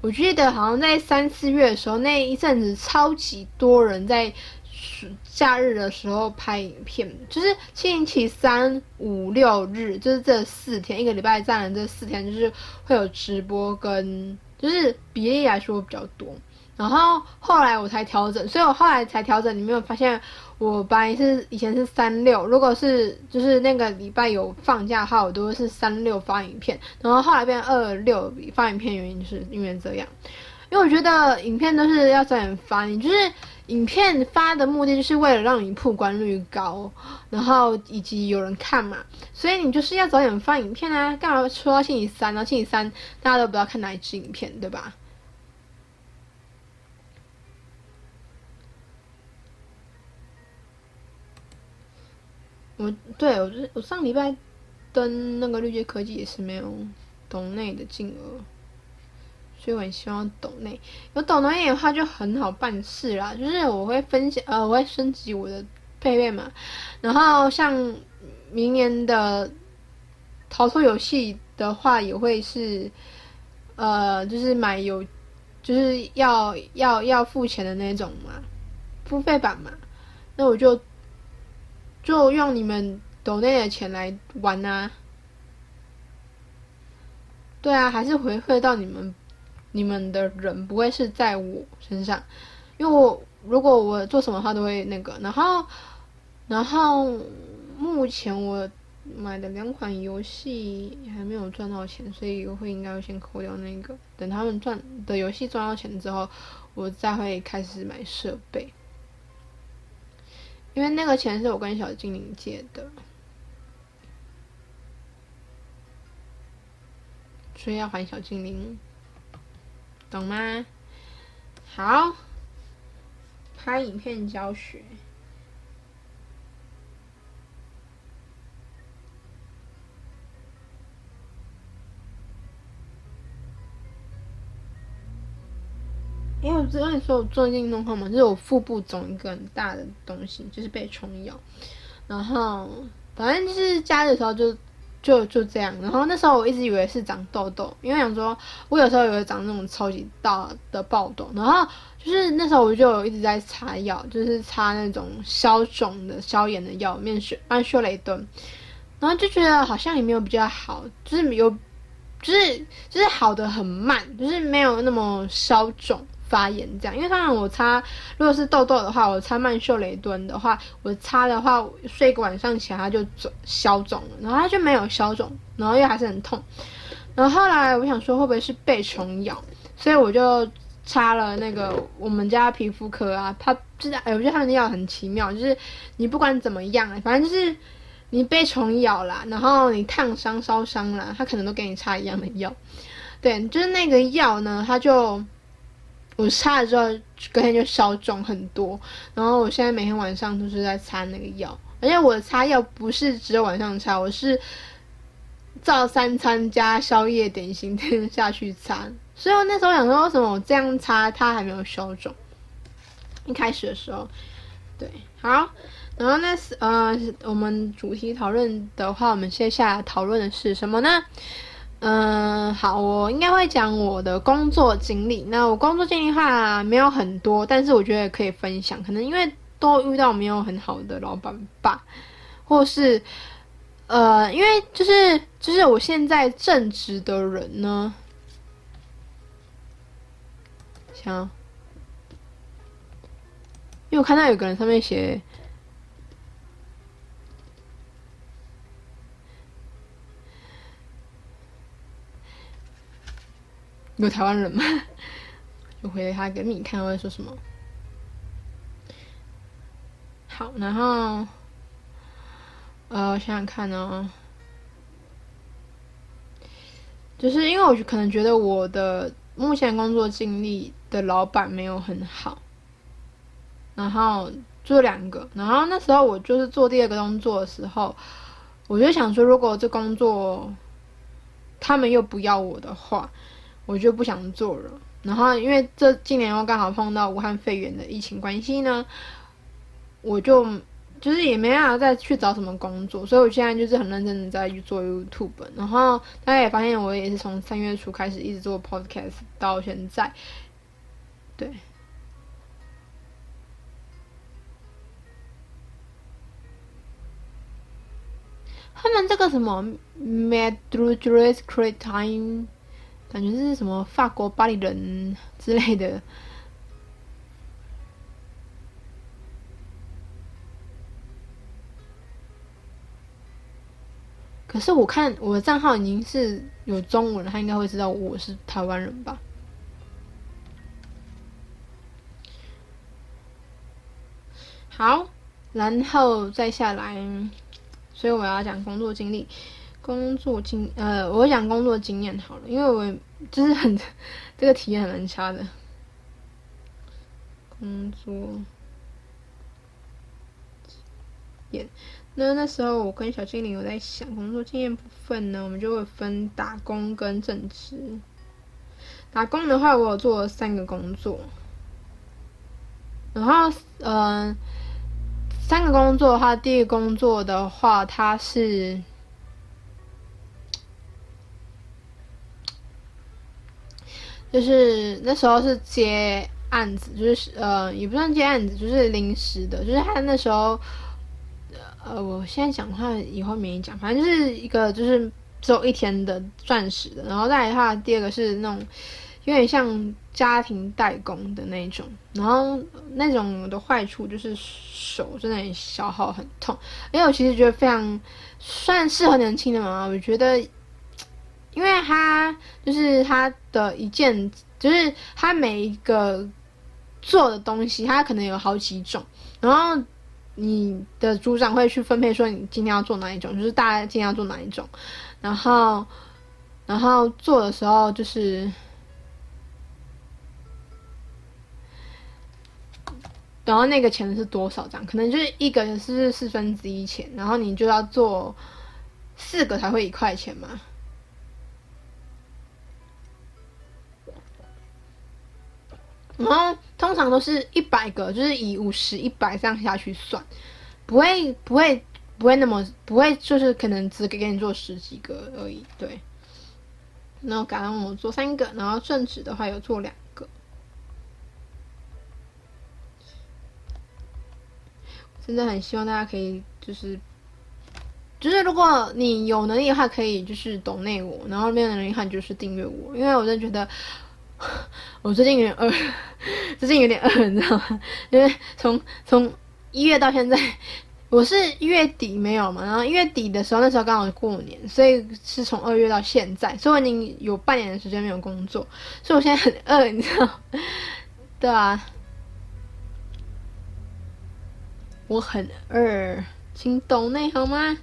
我記得好像在三四月的時候那一陣子超級多人在暑假日的時候拍影片，就是星期三五六日，就是這四天一個禮拜佔了這四天，就是會有直播跟就是比例來說比較多。然後後來我才調整，所以我後來才調整，你沒有發現？我本來是以前是三六，如果是就是那個禮拜有放假的話，我都是三六發影片，然後後來變成二六發影片，原因就是因為這樣，因為我覺得影片都是要早點發你，你就是影片發的目的就是為了讓你曝光率高，然後以及有人看嘛，所以你就是要早點發影片啊，幹嘛要拖到星期三啊？然後星期三大家都不知道看哪一支影片，對吧？我對，我就是，我上禮拜登那個綠界科技也是沒有 donate 的金額，所以我很希望 donate，有 donate 的話就很好辦事啦。就是我會分享，呃，我會升級我的配備嘛。然後像明年的逃脫遊戲的話，也會是呃，就是買有就是要要要付錢的那種嘛，付費版嘛。那我就就用你們抖內的錢來玩吶、啊，對啊，還是回饋到你們，你們的人不會是在我身上，因為我如果我做什麼，他都會那個。然後，然後目前我買的兩款遊戲還沒有賺到錢，所以我會應該先扣掉那個。等他們賺的遊戲賺到錢之後，我再會開始買設備。因為那個錢是我跟小精靈借的，所以要還小精靈，懂嗎？好，拍影片教學。因為、欸、我之你說我做一件運動後嘛，就是我腹部腫一個很大的東西，就是被蟲咬。然後反正就是家裡的時候就就就這樣。然後那時候我一直以為是長痘痘，因為想說我有時候有長那種超級大的爆痘。然後就是那時候我就一直在擦藥，就是擦那種消腫的、消炎的藥，面血面修了一頓。然後就覺得好像也沒有比較好，就是有，就是就是好的很慢，就是沒有那麼消腫。發炎這樣，因為通常我擦，如果是痘痘的話，我擦曼秀雷敦的話，我擦的話，睡個晚上起來它就消腫了，然後它就沒有消腫，然後又還是很痛。然後後來我想說會不會是被蟲咬，所以我就擦了那個我們家皮膚科啊，它真的，哎，我覺得它的藥很奇妙，就是你不管怎麼樣，反正就是你被蟲咬了，然後你燙傷、燒傷了，他可能都給你擦一樣的藥。對，就是那個藥呢，它就。我擦了之後，隔天就消腫很多。然後我現在每天晚上都是在擦那個藥，而且我擦藥不是只有晚上擦，我是照三餐加宵夜點心，天下去擦。所以我那時候想說，為什麼我這樣擦它還沒有消腫？一開始的時候，對，好，然後那呃，我們主題討論的話，我們接下來討論的是什麼呢？嗯、呃，好，哦，我應該會講我的工作經歷。那我工作經歷話沒有很多，但是我覺得可以分享。可能因為都遇到沒有很好的老闆吧，或是呃，因為就是就是我現在正職的人呢，行，因為我看到有個人上面寫。有台灣人嗎？我 回了他一個，你看我在說什麼。好，然後呃，我想想看呢、哦，就是因為我可能覺得我的目前工作經歷的老板沒有很好，然後做兩個，然後那時候我就是做第二個工作的時候，我就想說，如果這工作他們又不要我的話。我就不想做了，然後因為這今年又剛好碰到武漢肺炎的疫情關係呢，我就就是也沒辦法再去找什麼工作，所以我現在就是很認真的在去做 YouTube。然後大家也發現我也是從三月初開始一直做 Podcast 到現在。對，他們這個什麼 m a d r i d e s s Creatine。感覺這是什麼法國巴黎人之類的。可是我看我的賬號已經是有中文，他應該會知道我是台灣人吧。好，然後再下來，所以我要講工作經歷。工作經呃，我講工作經驗好了，因為我就是很這個體驗很難掐的。工作經驗，那那時候我跟小精靈有在想，工作經驗部分呢，我們就會分打工跟正職。打工的話，我有做了三個工作。然後，嗯、呃，三個工作的話，第一個工作的話，它是。就是那時候是接案子，就是呃也不算接案子，就是臨時的。就是他那時候，呃，我現在講話，以後沒講，反正就是一個就是只有一天的鑽石的。然後再來的話，第二個是那種，有點像家庭代工的那種。然後那種的壞處就是手真的很消耗很痛。因為我其實覺得非常算適合年輕的嘛，我覺得。因為他就是他的一件，就是他每一個做的東西，他可能有好幾種。然後你的組長會去分配，說你今天要做哪一種，就是大家今天要做哪一種。然後，然後做的時候就是，然後那個錢是多少張？可能就是一個是四分之一錢，然後你就要做四個才會一塊錢嘛。然後通常都是一百個，就是以五十一百這樣下去算，不會不會不會那麼不會就是可能只給給你做十幾個而已。對，然後感恩我做三個，然後正職的話有做兩個。真的很希望大家可以就是，就是如果你有能力的話可以就是 donate 我，然後沒有能力的話你就是訂閱我，因為我真的覺得。我最近有點餓，最近有點餓，你知道嗎？因為從從一月到現在，我是月底沒有嘛，然後一月底的時候，那時候剛好過年，所以是從二月到現在，所以我已經有半年的時間沒有工作，所以我現在很餓，你知道？對吧，啊？我很餓，請懂內好嗎？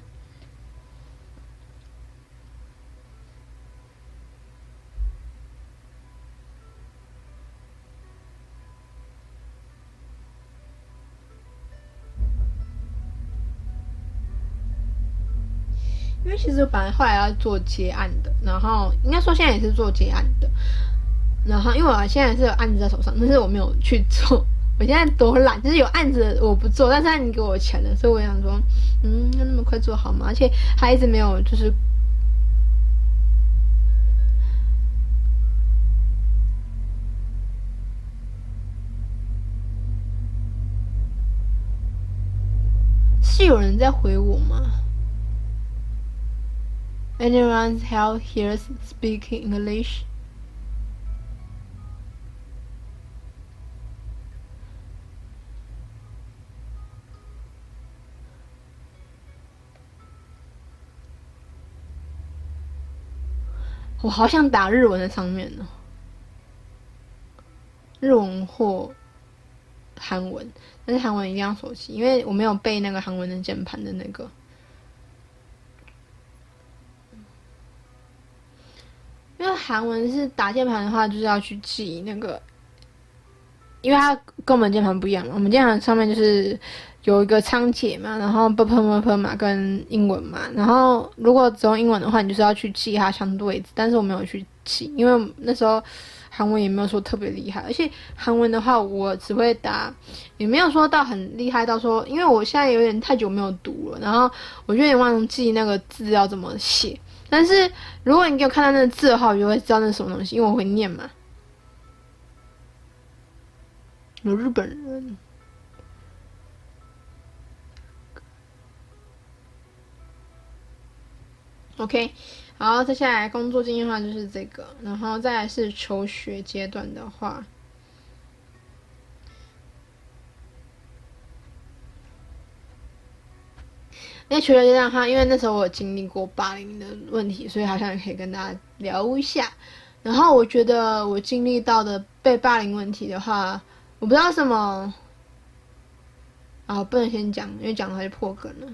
因為其實我本來後來要做接案的，然後應該說現在也是做接案的，然後因為我現在是有案子在手上，但是我沒有去做。我現在多懶，就是有案子我不做，但是你給我錢了，所以我想說，嗯，要那麼快做好嗎？而且還一直沒有，就是是有人在回我嗎？Anyone's help here speaking English? 我好想打日文的上面呢、哦，日文或韓文，但是韓文一定要手機，因為我沒有背那個韓文的鍵盤的那個。因為韓文是打鍵盤的話，就是要去記那個，因為它跟我們鍵盤不一樣，我們鍵盤上面就是有一個倉頡嘛，然後不噴不噴嘛，跟英文嘛。然後如果只用英文的話，你就是要去記它相對一次，但是我沒有去記，因為那時候韓文也沒有說特別厲害，而且韓文的話我只會打，也沒有說到很厲害到說，因為我現在有點太久沒有讀了，然後我就有點忘記那個字要怎麼寫。但是如果你給我看到那個字的話，我就會知道那是什麼東西，因為我會念嘛。有日本人。OK，然後接下來工作經驗的話就是這個，然後再來是求學階段的話。除了這樣的話，因為那時候我有經歷過霸凌的問題，所以好像可以跟大家聊一下。然後我覺得我經歷到的被霸凌問題的話，我不知道什麼，啊、哦，不能先講，因為講了他就破梗了。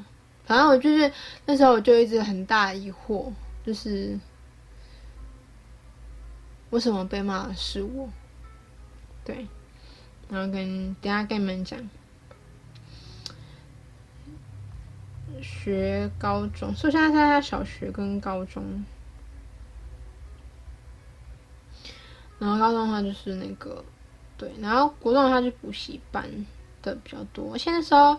反正我就是那時候我就一直很大疑惑，就是為什麼被罵的是我？對，然後跟等下跟你們講。學高中，所以現在他在小學跟高中。然後高中的話就是那個，對，然後國中的話就補習班的比較多。現在那時候，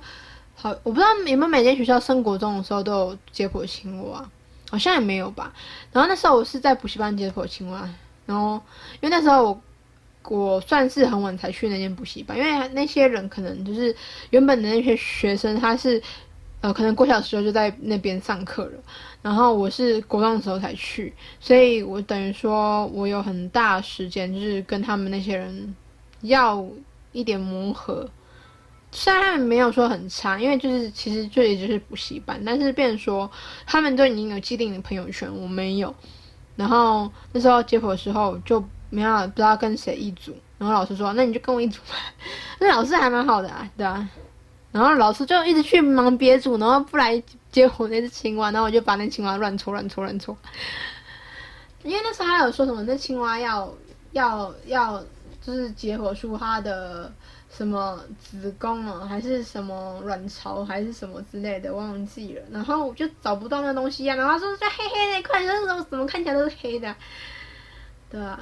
好，我不知道有沒有每間學校升國中的時候都有解剖青蛙，好像也沒有吧。然後那時候我是在補習班解剖青蛙，然後因為那時候我我算是很晚才去那間補習班，因為那些人可能就是原本的那些學生他是。呃，可能國小的時候就在那邊上課了，然後我是國中的時候才去，所以我等於說，我有很大時間就是跟他們那些人要一點磨合，雖然他們沒有說很差，因為就是其實這裡就是補習班，但是變成說他們對你有既定的朋友圈，我沒有，然後那時候結夥的時候就沒辦法，不知道跟誰一組，然後老師說，那你就跟我一組吧，那老師還蠻好的啊，對啊。然後老師就一直去忙別組，然後不來接我那只青蛙，然後我就把那青蛙亂戳亂戳亂戳，戳，戳，戳，戳，戳，戳，戳，因為那時候還有說什麼，那青蛙要要要就是結火出它的什麼子宮啊，還是什麼卵巢，還是什麼之類的，忘記了。然後我就找不到那東西啊，然後他說在黑黑那塊，那怎麼看起來都是黑的，對啊。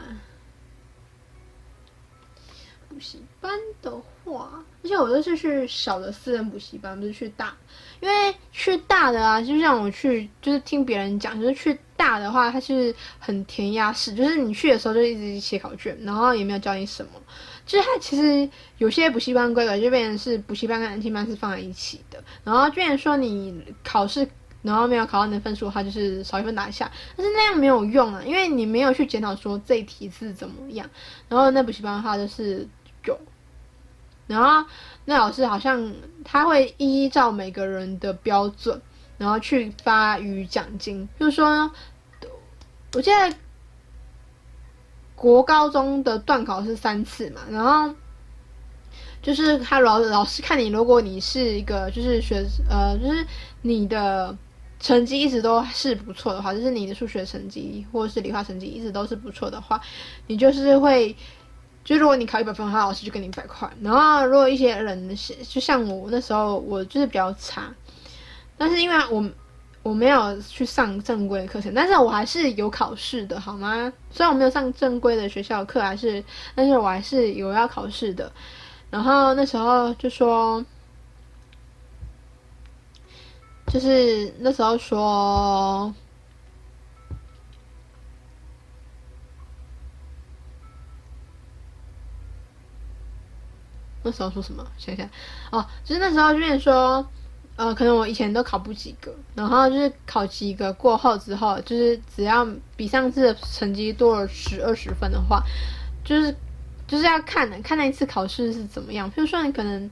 補習班的話。而且我都是去小的私人補習班，不是去大，因為去大的啊，就像我去，就是聽別人講，就是去大的話，它是很填鴨式，就是你去的時候就一直寫考卷，然後也沒有教你什麼。就是它其實有些補習班規格就變成是補習班跟安親班是放在一起的，然後居然說你考試然後沒有考到你的分數，他就是少一分打一下，但是那樣沒有用啊，因為你沒有去檢討說這一題是怎麼樣。然後那補習班的話就是。然後，那老師好像他會依照每個人的標準，然後去發予獎金。就是說，我記得國高中的段考是三次嘛，然後就是他老老師看你，如果你是一個就是學呃，就是你的成績一直都是不錯的話，就是你的數學成績或是理化成績一直都是不錯的話，你就是會。就如果你考一百分的話，老師就給你一百塊。然後如果一些人，是，就像我那時候，我就是比較差，但是因為我我沒有去上正規的課程，但是我還是有考試的，好嗎？雖然我沒有上正規的學校課，還是但是我還是有要考試的。然後那時候就說，就是那時候說。那時候說什麼？想想哦，就是那時候就變成說，呃，可能我以前都考不及格，然後就是考及格過後之後，就是只要比上次的成績多了十二十分的話，就是就是要看看那一次考試是怎麼樣。譬如說你可能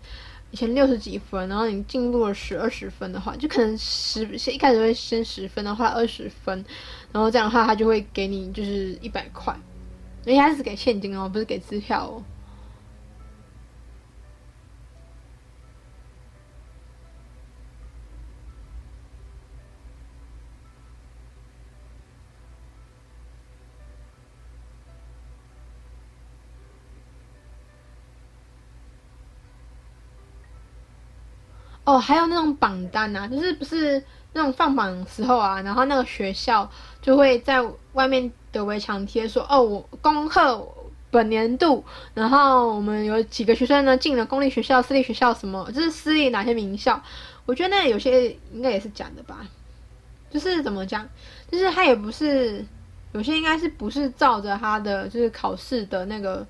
以前六十幾分，然後你進入了十二十分的話，就可能十，一開始會先十分的話二十分，然後這樣的話他就會給你就是一百塊，因為他是給現金哦，不是給支票哦。哦，還有那種榜單吶，啊，就是不是那種放榜時候啊，然後那個學校就會在外面的圍牆貼說，哦，我恭賀本年度，然後我們有幾個學生呢進了公立學校、私立學校什麼，就是私立哪些名校。我覺得那有些應該也是假的吧，就是怎麼講，就是他也不是有些應該是不是照着他的就是考試的那個。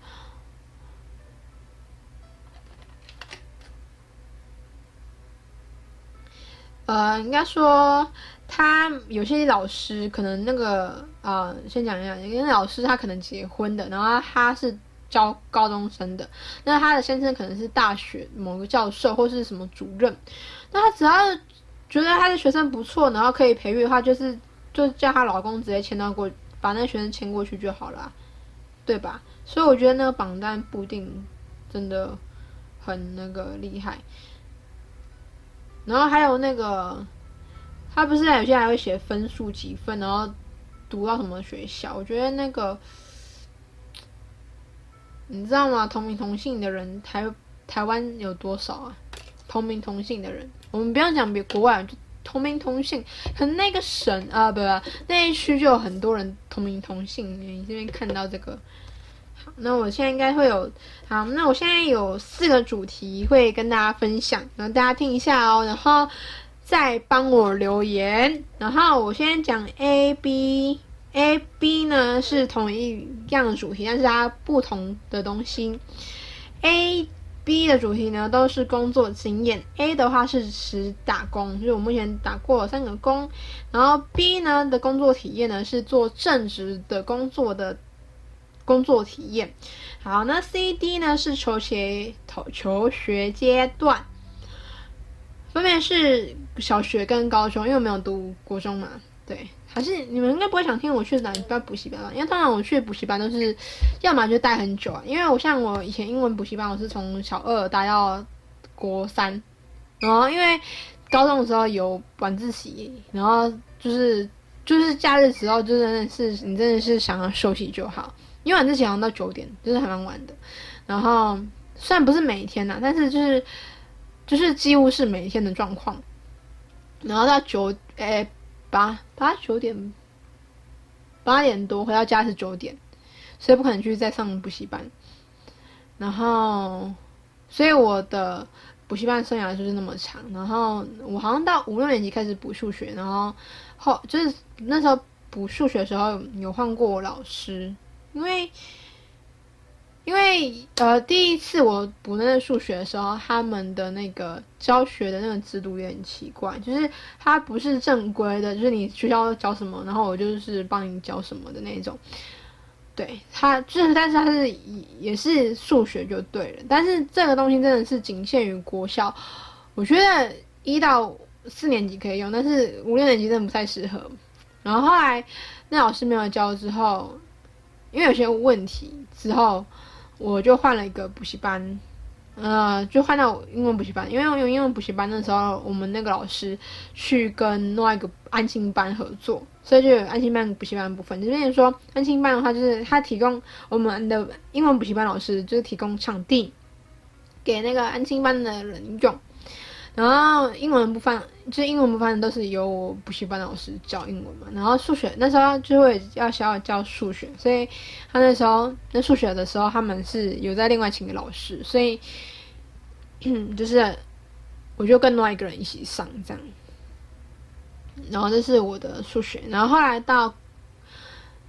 呃，應該說，他有些老師可能那個啊、呃，先講一下，因為老師他可能結婚的，然後他是教高中生的，那他的先生可能是大學某個教授或是什麼主任，那他只要覺得他的學生不錯，然後可以培育的話，就是，就是就叫她老公直接簽到過，把那個學生簽過去就好了，對吧？所以我覺得那個榜單不一定真的很那個厲害。然後還有那個，他不是有些還會寫分數幾分，然後讀到什麼學校？我覺得那個，你知道嗎？同名同姓的人，台台灣有多少啊？同名同姓的人，我們不要講別國外，就同名同姓，可能那個省啊，不不，那一區就有很多人同名同姓。你這邊看到這個。那我現在應該會有，好，那我現在有四個主題會跟大家分享，然後大家聽一下哦，然後再幫我留言，然後我先講 A B A B 呢是同一樣的主題，但是它不同的東西。A B 的主題呢都是工作經驗，A 的話是指打工，就是我目前打過三個工，然後 B 呢的工作體驗呢是做正職的工作的。工作體驗，好，那 C D 呢？是求學求求學階段，分別是小學跟高中，因為我沒有讀國中嘛。對，還是你們應該不會想聽我去哪裡報補習班吧？因為通常我去補習班都是，要麼就待很久啊，因為我像我以前英文補習班，我是從小二待到國三，然後因為高中的時候有晚自習，然後就是就是假日時候，就真的是你真的是想要休息就好。因為晚自習好像到九點，就是還蠻晚的。然後雖然不是每一天吶、啊，但是就是就是幾乎是每一天的狀況。然後到九哎八八九點八點多回到家是九點，所以不可能繼續再上補習班。然後所以我的補習班生涯就是那麼長。然後我好像到五六年級開始補數學，然後後就是那時候補數學的時候有換過我老師。因為，因為呃，第一次我補那個數學的時候，他們的那個教學的那個制度也很奇怪，就是他不是正規的，就是你學校教什麼，然後我就是幫你教什麼的那種。對，他就是，但是他是也是數學就對了，但是這個東西真的是僅限於國校，我覺得一到四年級可以用，但是五六年級真的不太適合。然後後來那老師沒有教之後，因為有些問題之後，我就換了一個補習班，呃，就換到英文補習班。因為我用英文補習班的時候，我們那個老師去跟另外一個安親班合作，所以就有安親班補習班的部分。跟你說安親班的話，就是他提供我們的英文補習班老師，就是提供場地給那個安親班的人用。然後英文部分，就是英文部分，都是由我補習班的老師教英文嘛。然後數學那時候就會要小小教數學，所以他那時候那數學的時候，他們是有在另外請個老師，所以就是我就跟另外一個人一起上這樣。然後這是我的數學。然後後來到，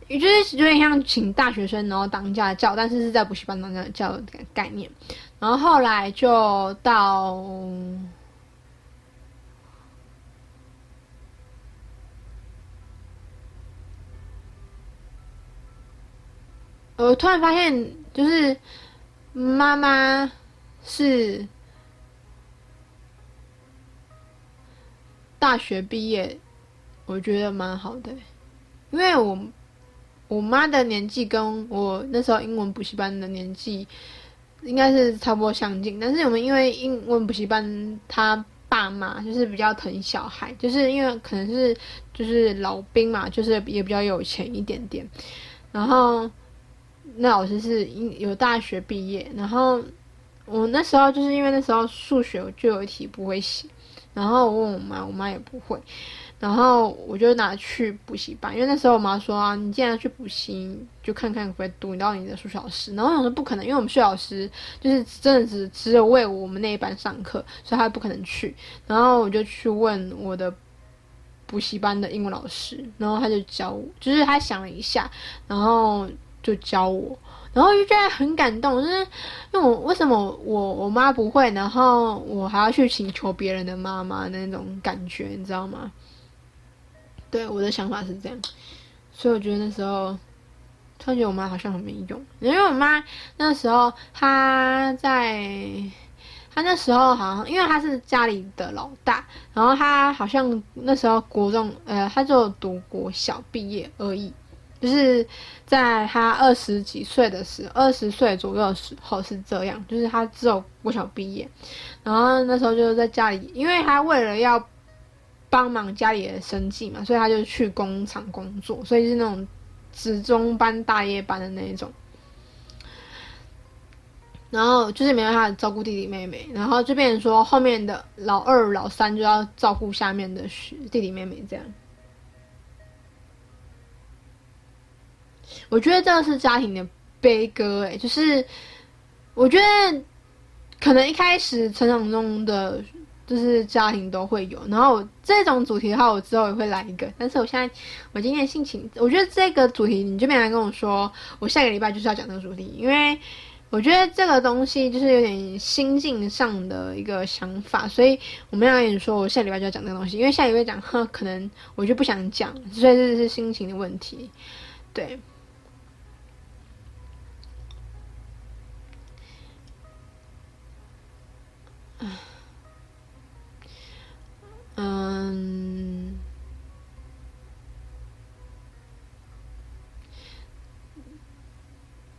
也就是有點像請大學生，然後當家教，但是是在補習班當家教的概念。然後後來就到。我突然發現，就是媽媽是大學畢業，我覺得蠻好的，欸，因為我我媽的年紀跟我那時候英文補習班的年紀應該是差不多相近。但是我們因為英文補習班，他爸媽就是比較疼小孩，就是因為可能是就是老兵嘛，就是也比較有錢一點點，然後。那老師是有大學畢業，然後我那時候就是因為那時候數學就有一題不會寫，然後我問我媽，我媽也不會，然後我就拿去補習班，因為那時候我媽說啊，你既然要去補習，就看看會不會讀到你的數學老師。然後我想說不可能，因為我們數學老師就是真的只只有為我們那一班上課，所以他不可能去。然後我就去問我的補習班的英文老師，然後他就教我，就是他想了一下，然後。就教我，然後就覺得很感動，就是因為我為什麼我我媽不會，然後我還要去請求別人的媽媽那種感覺，你知道嗎？對，我的想法是這樣，所以我覺得那時候突然覺得我媽好像很沒用，因為我媽那時候她在，她那時候好像因為她是家裡的老大，然後她好像那時候國中呃，她就讀國小畢業而已。就是在他二十幾歲的時候，二十歲左右的時候是這樣，就是他只有國小畢業，然後那時候就是在家裡，因為他為了要幫忙家裡的生計嘛，所以他就去工廠工作，所以是那種值中班、大夜班的那一種，然後就是沒辦法照顧弟弟妹妹，然後就變成說後面的老二、老三就要照顧下面的弟弟妹妹這樣。我覺得這個是家庭的悲歌，哎，就是我覺得可能一開始成長中的就是家庭都會有，然後這種主題的話，我之後也會來一個。但是我現在我今天心情，我覺得這個主題你就沒來跟我說，我下個禮拜就是要講這個主題，因為我覺得這個東西就是有點心境上的一個想法，所以我沒有跟你說我下禮拜就要講這個東西，因為下禮拜講呵，可能我就不想講，所以這是心情的問題，對。嗯，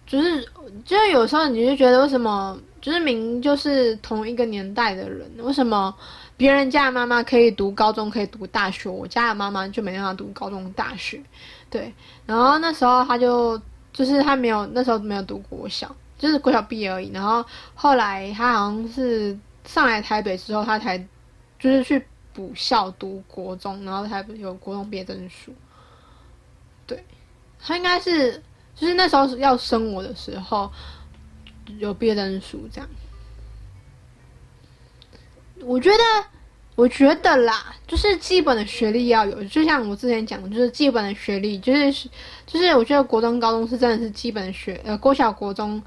就是就是有時候你就覺得為什麼就是明明就是同一個年代的人，為什麼別人家的媽媽可以讀高中可以讀大學，我家的媽媽就沒辦法讀高中大學，對，然後那時候他就就是他沒有那時候沒有讀國小，就是國小畢業而已，然後後來他好像是上來台北之後，他才就是去。補校讀國中，然後才有國中畢業證書。對，他應該是就是那時候要生我的時候有畢業證書這樣。我覺得，我覺得啦，就是基本的學歷要有，就像我之前講的，就是基本的學歷，就是就是我覺得國中、高中是真的是基本的學，呃，國小、國中。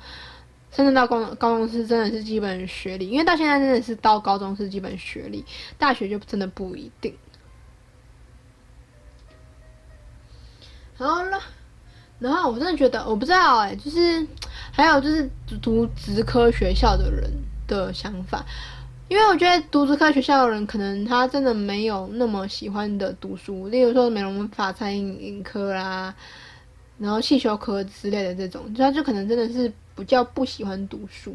甚至到高中，高中是真的是基本學歷，因為到現在真的是到高中是基本學歷，大學就真的不一定。好了，然後我真的覺得，我不知道哎、欸，就是還有就是讀職科學校的人的想法，因為我覺得讀職科學校的人，可能他真的沒有那麼喜歡的讀書，例如說美容美髮、餐飲科啦。然後汽修科之類的這種，就他就可能真的是比較不喜歡讀書，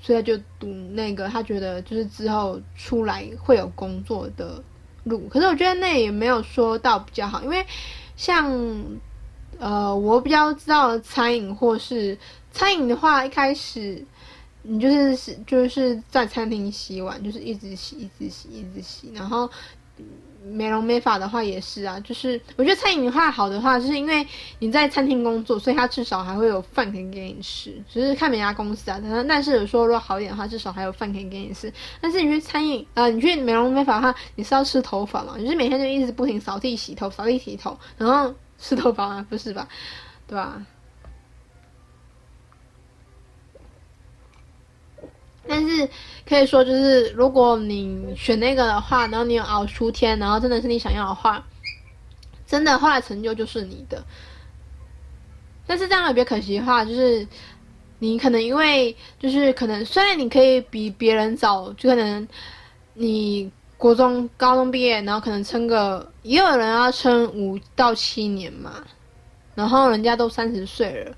所以就讀那個。他覺得就是之後出來會有工作的路。可是我覺得那也沒有說到比較好，因為像呃，我比較知道的餐飲或是餐飲的話，一開始你就是就是在餐廳洗碗，就是一直洗，一直洗，一直洗，一直洗，然後。美容美髮的話也是啊，就是我覺得餐飲的話好的話，就是因為你在餐廳工作，所以他至少還會有飯可以給你吃。只、就是看每家公司啊，但是有時候如果好一點的話，至少還有飯可以給你吃。但是你去餐飲啊、呃，你去美容美髮的話，你是要吃頭髮嘛？你、就是每天就一直不停掃地洗頭、掃地洗頭，然後吃頭髮嗎、啊？不是吧，對吧？但是可以說，就是如果你選那個的話，然後你有熬出天，然後真的是你想要的話，真的後來成就就是你的。但是這樣也比較可惜的話，就是你可能因為就是可能雖然你可以比別人早，就可能你國中、高中畢業，然後可能撐個，也有人要撐五到七年嘛，然後人家都三十歲了，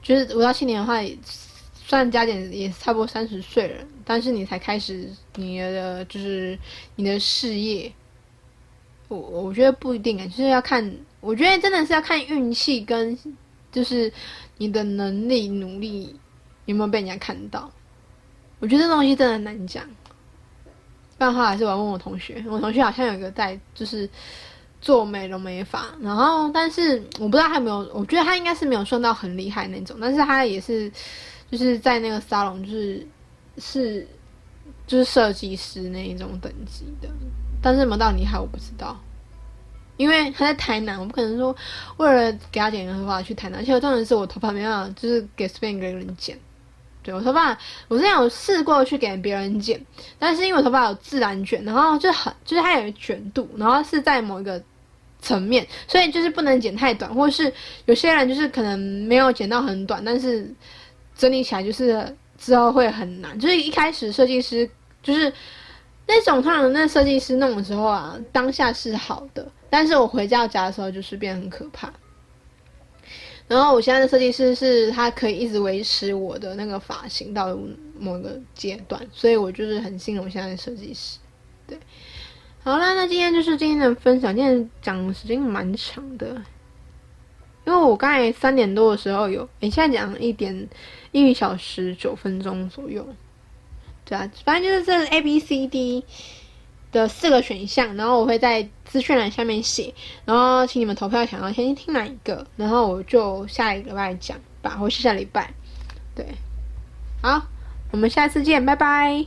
就是五到七年的話。算加減也差不多三十歲了，但是你才開始你的就是你的事業，我我覺得不一定誒，就是要看，我覺得真的是要看運氣跟就是你的能力努力有沒有被人家看到。我覺得這東西真的很難講，不然的話還是我要問我同學，我同學好像有一個在就是做美容美髮，然後但是我不知道他有沒有，我覺得他應該是沒有算到很厲害那種，但是他也是。就是在那個沙龍，就是，就是是就是設計師那一種等級的，但是有沒到厲害我不知道，因為他在台南，我不可能說為了給他剪個頭髮去台南。而且我當然是我頭髮沒有，就是給 span 一個人剪。對我頭髮，我之前有試過去給別人剪，但是因為我頭髮有自然捲，然後就很就是它有捲度，然後是在某一個層面，所以就是不能剪太短，或者是有些人就是可能沒有剪到很短，但是。整理起來就是之後會很難，就是一開始設計師就是那種，他那設計師弄的時候啊，當下是好的，但是我回到家，家的時候就是變很可怕。然後我現在的設計師是他可以一直維持我的那個髮型到某個階段，所以我就是很信任我現在的設計師。對，好了，那今天就是今天的分享，今天講的時間蠻長的。因為我剛才三點多的時候有，等一下講一點一小時九分鐘左右，對啊，反正就是這 A、B、C、D 的四個選項，然後我會在資訊欄下面寫，然後請你們投票想要先聽哪一個，然後我就下一個禮拜講吧，或是下禮拜，對，好，我們下次見，拜拜。